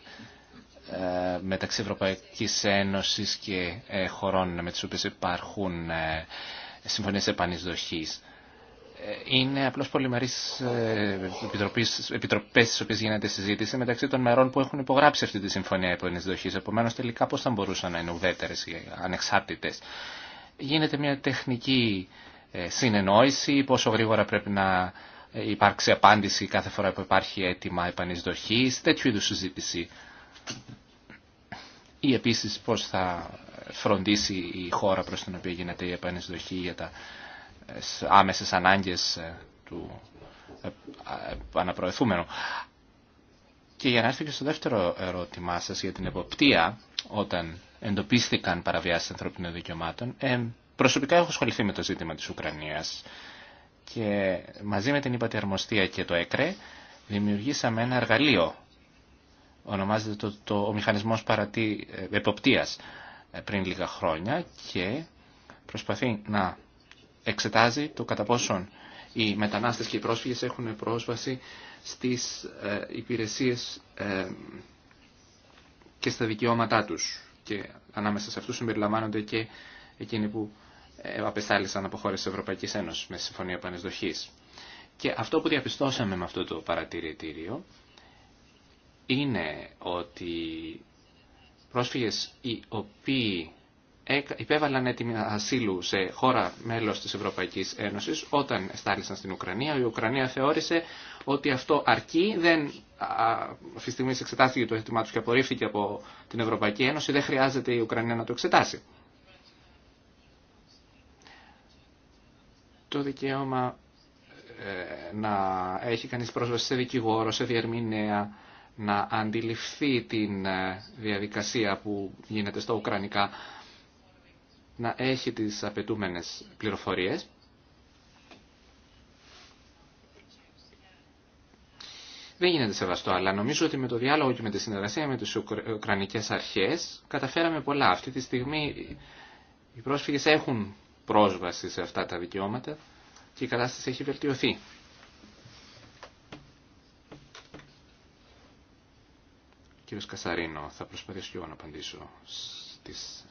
[SPEAKER 3] ε, μεταξύ Ευρωπαϊκής Ένωσης και ε, χωρών με τις οποίες υπάρχουν ε, συμφωνίες επανεισδοχής είναι απλώς πολυμερείς επιτροπές, επιτροπές στις οποίες γίνεται συζήτηση μεταξύ των μερών που έχουν υπογράψει αυτή τη συμφωνία επανεισδοχής. Επομένως τελικά πώς θα μπορούσαν να είναι ουδέτερες και ανεξάρτητες. Γίνεται μια τεχνική συνεννόηση, πόσο γρήγορα πρέπει να ε, υπάρξει απάντηση κάθε φορά που υπάρχει αίτημα επανεισδοχής, τέτοιου είδους συζήτηση. Ή επίσης πώς θα φροντίσει η χώρα προς την οποία γίνεται η επανεισδοχή για τα ε, άμεσες ανάγκες ε, του αναπροεθούμενου. Και για να έρθει και στο δεύτερο ερώτημά σας για την εποπτεία, όταν εντοπίστηκαν παραβιάσεις ανθρωπίνων δικαιωμάτων, προσωπικά έχω ασχοληθεί με το ζήτημα της Ουκρανίας και μαζί με την υπατερμοστία και το ΕΚΡΕ δημιουργήσαμε ένα εργαλείο. Ονομάζεται το, το ο μηχανισμός παρατή, ε, εποπτείας ε, πριν λίγα χρόνια και προσπαθεί να εξετάζει το κατά πόσον οι μετανάστες και οι πρόσφυγες έχουν πρόσβαση στις ε, υπηρεσίες ε, και στα δικαιώματά τους. Και ανάμεσα σε αυτούς συμπεριλαμβάνονται και εκείνοι που απεστάλησαν από χώρε τη Ευρωπαϊκή Ένωση με συμφωνία πανεσδοχής. Και αυτό που διαπιστώσαμε με αυτό το παρατηρητήριο είναι ότι πρόσφυγε οι οποίοι υπέβαλαν έτοιμη ασύλου σε χώρα μέλο τη Ευρωπαϊκή Ένωση όταν εστάλησαν στην Ουκρανία. Η Ουκρανία θεώρησε ότι αυτό αρκεί, δεν, αυτή τη στιγμή εξετάστηκε το αίτημά του και απορρίφθηκε από την Ευρωπαϊκή Ένωση, δεν χρειάζεται η Ουκρανία να το εξετάσει. το δικαίωμα ε, να έχει κανείς πρόσβαση σε δικηγόρο, σε διερμηνέα, να αντιληφθεί την ε, διαδικασία που γίνεται στο Ουκρανικά, να έχει τις απαιτούμενες πληροφορίες. Δεν γίνεται σεβαστό, αλλά νομίζω ότι με το διάλογο και με τη συνεργασία με τις Ουκρανικές αρχές καταφέραμε πολλά. Αυτή τη στιγμή οι πρόσφυγες έχουν πρόσβαση σε αυτά τα δικαιώματα και η κατάσταση έχει βελτιωθεί. Κύριο Κασαρίνο, θα προσπαθήσω και εγώ να απαντήσω στις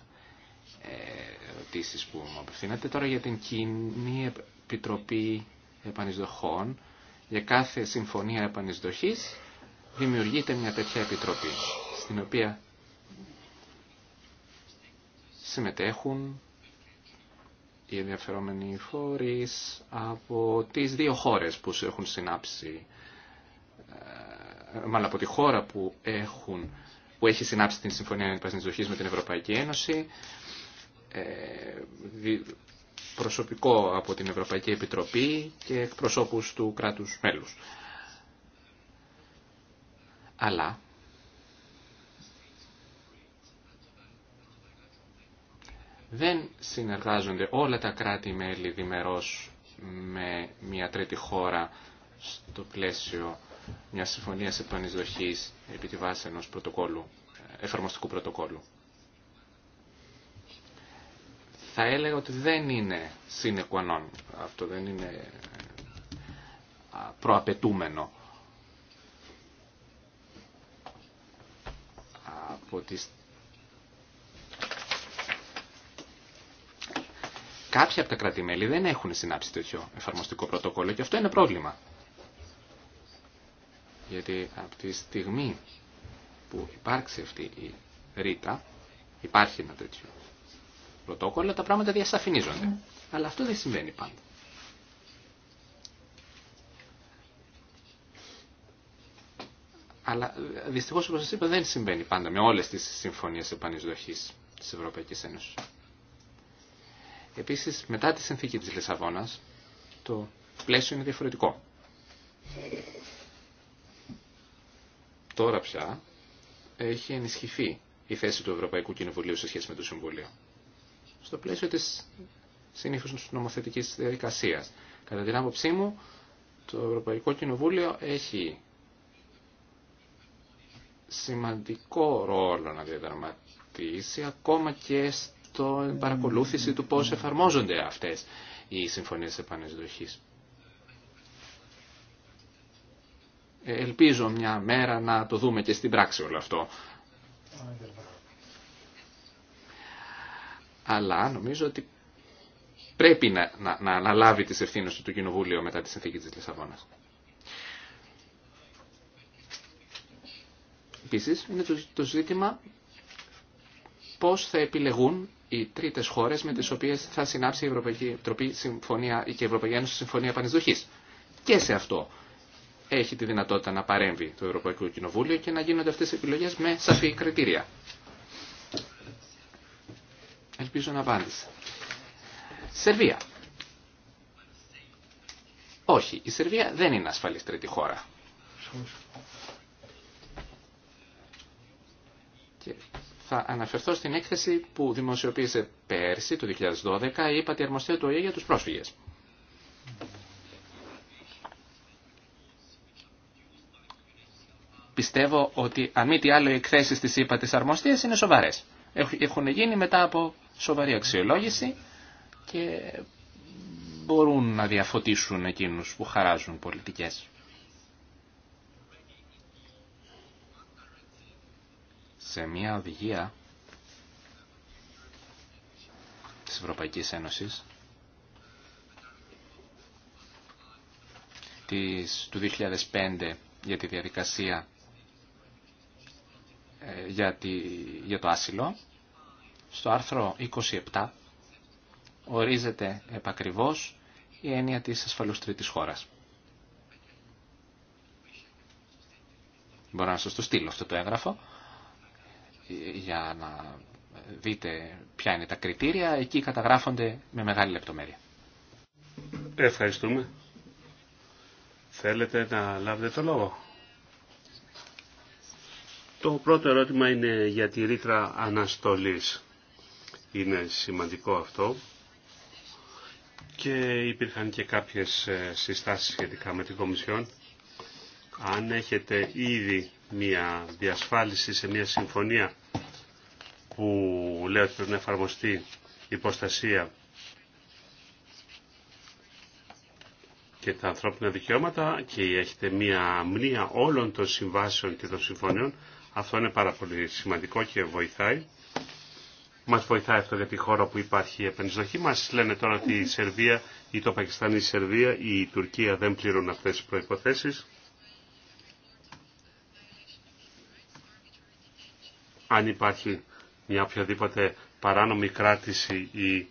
[SPEAKER 3] ε, ερωτήσει που μου απευθύνατε. Τώρα για την Κοινή Επιτροπή Επανεισδοχών, για κάθε συμφωνία επανεισδοχή δημιουργείται μια τέτοια επιτροπή, στην οποία συμμετέχουν οι ενδιαφερόμενοι φορείς από τις δύο χώρες που έχουν συνάψει, ε, μάλλον από τη χώρα που, έχουν, που έχει συνάψει την Συμφωνία Επανεισδοχής με την Ευρωπαϊκή Ένωση, ε, προσωπικό από την Ευρωπαϊκή Επιτροπή και εκπροσώπους του κράτους μέλους. Αλλά δεν συνεργάζονται όλα τα κράτη-μέλη διμερώς με μια τρίτη χώρα στο πλαίσιο μιας συμφωνίας επανεισδοχής επί τη βάση ενός εφαρμοστικού πρωτοκόλου. Θα έλεγα ότι δεν είναι συνεκουανόν. Αυτό δεν είναι προαπαιτούμενο. Από τις Κάποια από τα κράτη-μέλη δεν έχουν συνάψει τέτοιο εφαρμοστικό πρωτοκόλλο και αυτό είναι πρόβλημα. Γιατί από τη στιγμή που υπάρξει αυτή η ρήτα, υπάρχει ένα τέτοιο πρωτόκολλο, τα πράγματα διασαφηνίζονται. Mm. Αλλά αυτό δεν συμβαίνει πάντα. Αλλά δυστυχώς όπως σας είπα, δεν συμβαίνει πάντα με όλες τις συμφωνίε επανεισδοχής της Ευρωπαϊκής Ένωσης. Επίσης, μετά τη συνθήκη της Λισαβόνα το πλαίσιο είναι διαφορετικό. Τώρα πια έχει ενισχυθεί η θέση του Ευρωπαϊκού Κοινοβουλίου σε σχέση με το Συμβούλιο. Στο πλαίσιο της συνήθω νομοθετική διαδικασία. Κατά την άποψή μου, το Ευρωπαϊκό Κοινοβούλιο έχει σημαντικό ρόλο να διαδραματίσει ακόμα και την παρακολούθηση του πώς εφαρμόζονται αυτές οι συμφωνίες επανεσδοχής. Ε, ελπίζω μια μέρα να το δούμε και στην πράξη όλο αυτό. Αλλά νομίζω ότι πρέπει να, να, να αναλάβει τις ευθύνες του το Κοινοβούλιο μετά τη συνθήκη της Λισαβόνας. Επίσης είναι το, το ζήτημα πώς θα επιλεγούν οι τρίτες χώρες με τις οποίες θα συνάψει η Ευρωπαϊκή Επιτροπή Συμφωνία και η Ευρωπαϊκή Ένωση Συμφωνία Πανεσδοχή. Και σε αυτό έχει τη δυνατότητα να παρέμβει το Ευρωπαϊκό Κοινοβούλιο και να γίνονται αυτές οι επιλογές με σαφή κριτήρια. Ελπίζω να απάντησα. Σερβία. Όχι, η Σερβία δεν είναι ασφαλή τρίτη χώρα. Θα αναφερθώ στην έκθεση που δημοσιοποίησε πέρσι, το 2012, η τη Αρμοστέα του ΟΗΕ για τους πρόσφυγες. Πιστεύω ότι αν μη τι άλλο οι εκθέσεις της ΥΠΑ ΕΕ της είναι σοβαρές. Έχουν γίνει μετά από σοβαρή αξιολόγηση και μπορούν να διαφωτίσουν εκείνους που χαράζουν πολιτικές. σε μια οδηγία της Ευρωπαϊκής Ένωσης της, του 2005 για τη διαδικασία ε, για, για το άσυλο. Στο άρθρο 27 ορίζεται επακριβώς η έννοια της ασφαλούς τρίτης χώρας. Μπορώ να σας το στείλω αυτό το έγγραφο για να δείτε ποια είναι τα κριτήρια, εκεί καταγράφονται με μεγάλη λεπτομέρεια. Ευχαριστούμε. Θέλετε να λάβετε
[SPEAKER 1] το λόγο. Το πρώτο ερώτημα είναι για τη ρήτρα αναστολής. Είναι σημαντικό αυτό και υπήρχαν και κάποιες ε, συστάσεις σχετικά με την Κομισιόν. Αν έχετε ήδη μια διασφάλιση σε μια συμφωνία που λέει ότι πρέπει να εφαρμοστεί η και τα ανθρώπινα δικαιώματα και έχετε μία μνήα όλων των συμβάσεων και των συμφωνιών. Αυτό είναι πάρα πολύ σημαντικό και βοηθάει. Μας βοηθάει αυτό για τη χώρα που υπάρχει η επενδοχή. Μας λένε τώρα ότι η Σερβία ή το Πακιστάν ή η Σερβία ή η σερβια η η τουρκια δεν πληρούν αυτές τις προϋποθέσεις. αν υπάρχει μια οποιαδήποτε παράνομη κράτηση ή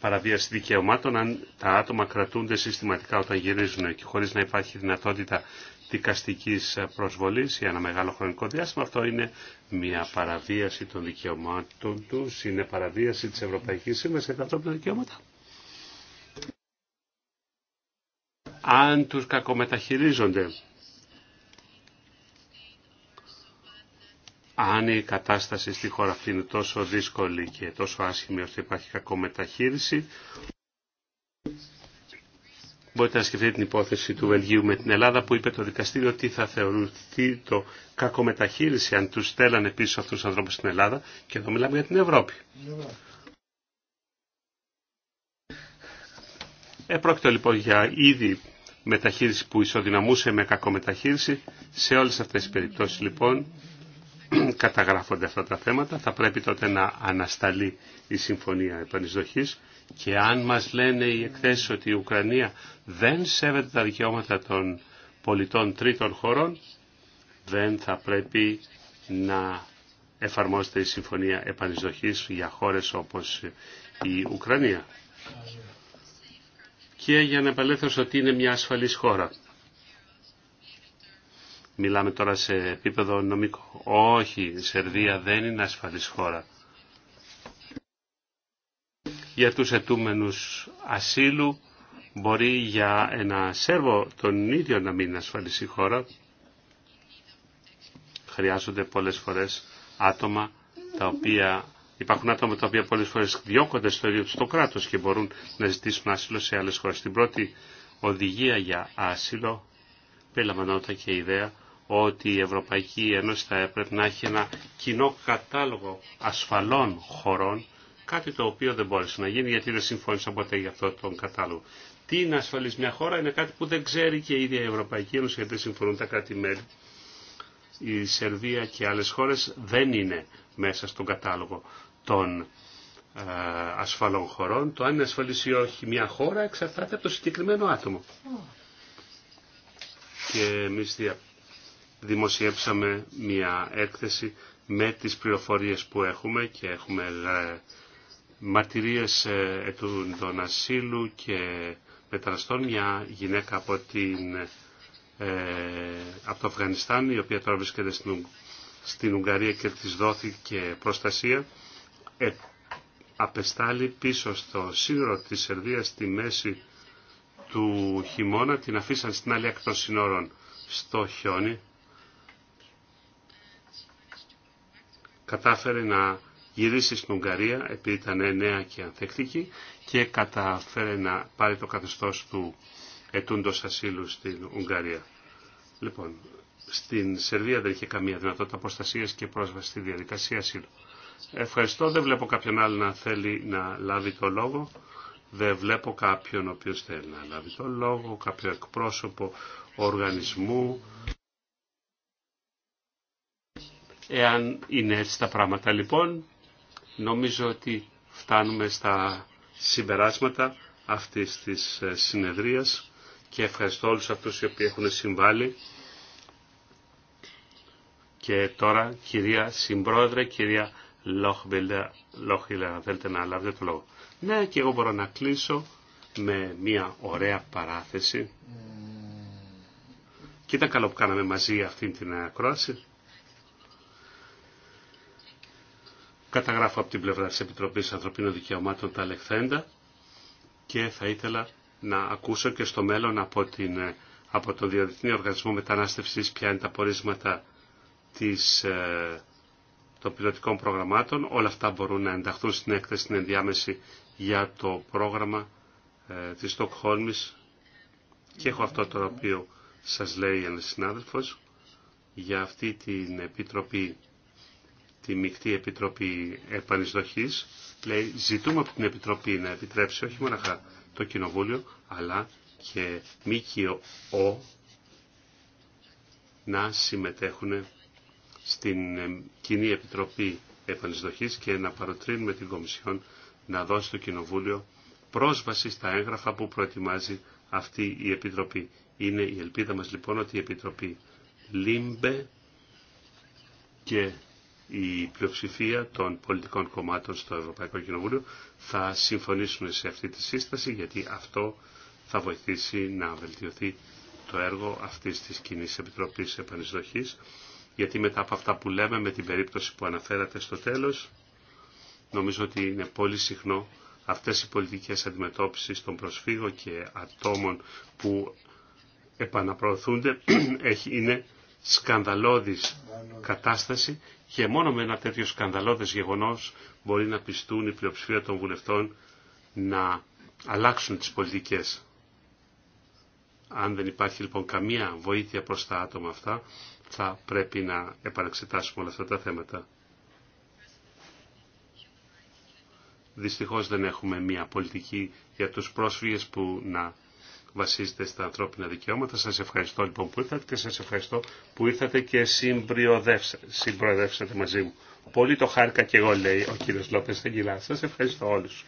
[SPEAKER 1] παραβίαση δικαιωμάτων, αν τα άτομα κρατούνται συστηματικά όταν γυρίζουν και χωρίς να υπάρχει δυνατότητα δικαστικής προσβολής για ένα μεγάλο χρονικό διάστημα, αυτό είναι μια παραβίαση των δικαιωμάτων τους, είναι παραβίαση της Ευρωπαϊκής Σύμβασης για τα ανθρώπινα δικαιώματα. Αν τους κακομεταχειρίζονται αν η κατάσταση στη χώρα αυτή είναι τόσο δύσκολη και τόσο άσχημη ώστε υπάρχει κακομεταχείριση. Μπορείτε να σκεφτείτε την υπόθεση του Βελγίου με την Ελλάδα που είπε το δικαστήριο ότι θα θεωρηθεί το κακομεταχείριση αν τους στέλνανε πίσω αυτούς τους ανθρώπους στην Ελλάδα και εδώ μιλάμε για την Ευρώπη. Επρόκειτο λοιπόν για ήδη μεταχείριση που ισοδυναμούσε με κακομεταχείριση. Σε όλες αυτές τις περιπτώσεις λοιπόν καταγράφονται αυτά τα θέματα. Θα πρέπει τότε να ανασταλεί η Συμφωνία Επανεισδοχής και αν μας λένε οι εκθέσεις ότι η Ουκρανία δεν σέβεται τα δικαιώματα των πολιτών τρίτων χωρών, δεν θα πρέπει να εφαρμόζεται η Συμφωνία Επανεισδοχής για χώρες όπως η Ουκρανία. Και για να επαλέθω ότι είναι μια ασφαλής χώρα. Μιλάμε τώρα σε επίπεδο νομικό. Όχι, η Σερβία δεν είναι ασφαλής χώρα. Για τους ετούμενους ασύλου μπορεί για ένα Σέρβο τον ίδιο να μην είναι ασφαλής η χώρα. Χρειάζονται πολλές φορές άτομα τα οποία Υπάρχουν άτομα τα οποία πολλές φορές διώκονται στο ίδιο του το κράτος και μπορούν να ζητήσουν άσυλο σε άλλες χώρες. Την πρώτη οδηγία για άσυλο περιλαμβανόταν και η ιδέα ότι η Ευρωπαϊκή Ένωση θα έπρεπε να έχει ένα κοινό κατάλογο ασφαλών χωρών, κάτι το οποίο δεν μπόρεσε να γίνει γιατί δεν συμφώνησαν ποτέ για αυτό τον κατάλογο. Τι είναι ασφαλής μια χώρα είναι κάτι που δεν ξέρει και η ίδια η Ευρωπαϊκή Ένωση γιατί δεν συμφωνούν τα κράτη-μέλη. Η Σερβία και άλλες χώρες δεν είναι μέσα στον κατάλογο των ε, ασφαλών χωρών. Το αν είναι ασφαλής ή όχι μια χώρα εξαρτάται από το συγκεκριμένο άτομο. Και δημοσιεύσαμε μια έκθεση με τις πληροφορίες που έχουμε και έχουμε ε, μαρτυρίες ετούντων ε, ασύλου και μεταναστών. Μια γυναίκα από, την, ε, από το Αφγανιστάν η οποία τώρα βρίσκεται στην, Ουγγαρία και της δόθηκε προστασία. Ε, πίσω στο σύνορο της Σερβίας στη μέση του χειμώνα, την αφήσαν στην άλλη άκρη σύνορων στο χιόνι κατάφερε να γυρίσει στην Ουγγαρία επειδή ήταν νέα και ανθεκτική και κατάφερε να πάρει το καθεστώς του ετούντος ασύλου στην Ουγγαρία. Λοιπόν, στην Σερβία δεν είχε καμία δυνατότητα αποστασίας και πρόσβαση στη διαδικασία ασύλου. Ευχαριστώ, δεν βλέπω κάποιον άλλο να θέλει να λάβει το λόγο. Δεν βλέπω κάποιον ο οποίος θέλει να λάβει το λόγο, κάποιο εκπρόσωπο οργανισμού, Εάν είναι έτσι τα πράγματα λοιπόν, νομίζω ότι φτάνουμε στα συμπεράσματα αυτής της ε, συνεδρίας και ευχαριστώ όλους αυτούς οι οποίοι έχουν συμβάλει. Και τώρα, κυρία Συμπρόεδρε, κυρία Λόχιλα, θέλετε να λάβετε το λόγο. Ναι, και εγώ μπορώ να κλείσω με μια ωραία παράθεση. Mm. Ε. Και καλό που κάναμε μαζί αυτή την ακρόαση. καταγράφω από την πλευρά της Επιτροπής Ανθρωπίνων Δικαιωμάτων τα λεχθέντα και θα ήθελα να ακούσω και στο μέλλον από, την, από τον Διεθνή Οργανισμό Μετανάστευσης ποια είναι τα πορίσματα της, ε, των πιλωτικών προγραμμάτων. Όλα αυτά μπορούν να ενταχθούν στην έκθεση στην ενδιάμεση για το πρόγραμμα ε, της Στοκχόλμης και έχω αυτό το οποίο σας λέει ένας συνάδελφος για αυτή την Επιτροπή τη Μικτή Επιτροπή Επανεισδοχής, λέει ζητούμε από την Επιτροπή να επιτρέψει όχι μόνο το Κοινοβούλιο, αλλά και ο να συμμετέχουν στην ε, Κοινή Επιτροπή Επανεισδοχής και να παροτρύνουμε την Κομισιόν να δώσει το Κοινοβούλιο πρόσβαση στα έγγραφα που προετοιμάζει αυτή η Επιτροπή. Είναι η ελπίδα μας λοιπόν ότι η Επιτροπή Λίμπε και η πλειοψηφία των πολιτικών κομμάτων στο Ευρωπαϊκό Κοινοβούλιο θα συμφωνήσουν σε αυτή τη σύσταση γιατί αυτό θα βοηθήσει να βελτιωθεί το έργο αυτής της κοινή Επιτροπής Επανεισδοχής γιατί μετά από αυτά που λέμε με την περίπτωση που αναφέρατε στο τέλος νομίζω ότι είναι πολύ συχνό αυτές οι πολιτικές αντιμετώπισης των προσφύγων και ατόμων που επαναπροωθούνται είναι σκανδαλώδης κατάσταση και μόνο με ένα τέτοιο σκανδαλώδης γεγονός μπορεί να πιστούν η πλειοψηφία των βουλευτών να αλλάξουν τις πολιτικές. Αν δεν υπάρχει λοιπόν καμία βοήθεια προς τα άτομα αυτά, θα πρέπει να επαναξετάσουμε όλα αυτά τα θέματα. Δυστυχώς δεν έχουμε μια πολιτική για τους πρόσφυγες που να βασίζεται στα ανθρώπινα δικαιώματα. Σας ευχαριστώ λοιπόν που ήρθατε και σας ευχαριστώ που ήρθατε και συμπροεδεύσατε μαζί μου. Πολύ το χάρηκα και εγώ λέει ο κύριος Λόπες Αγγιλά. Σας ευχαριστώ όλους.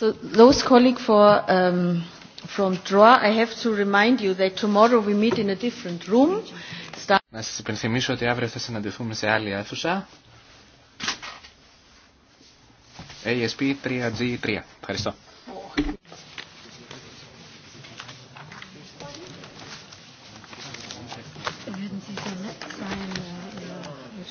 [SPEAKER 2] So those colleagues for, um, from I have to remind you that tomorrow we meet in a different room.
[SPEAKER 3] Να σας υπενθυμίσω ότι αύριο θα συναντηθούμε σε άλλη αίθουσα. ASP 3G3. Ευχαριστώ.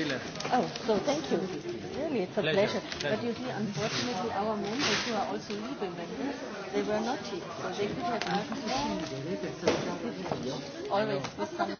[SPEAKER 3] Oh, so thank you. Really, it's a pleasure.
[SPEAKER 1] But you see, unfortunately, our members who are also leaving members, they were not here, so they could have asked. Always with some.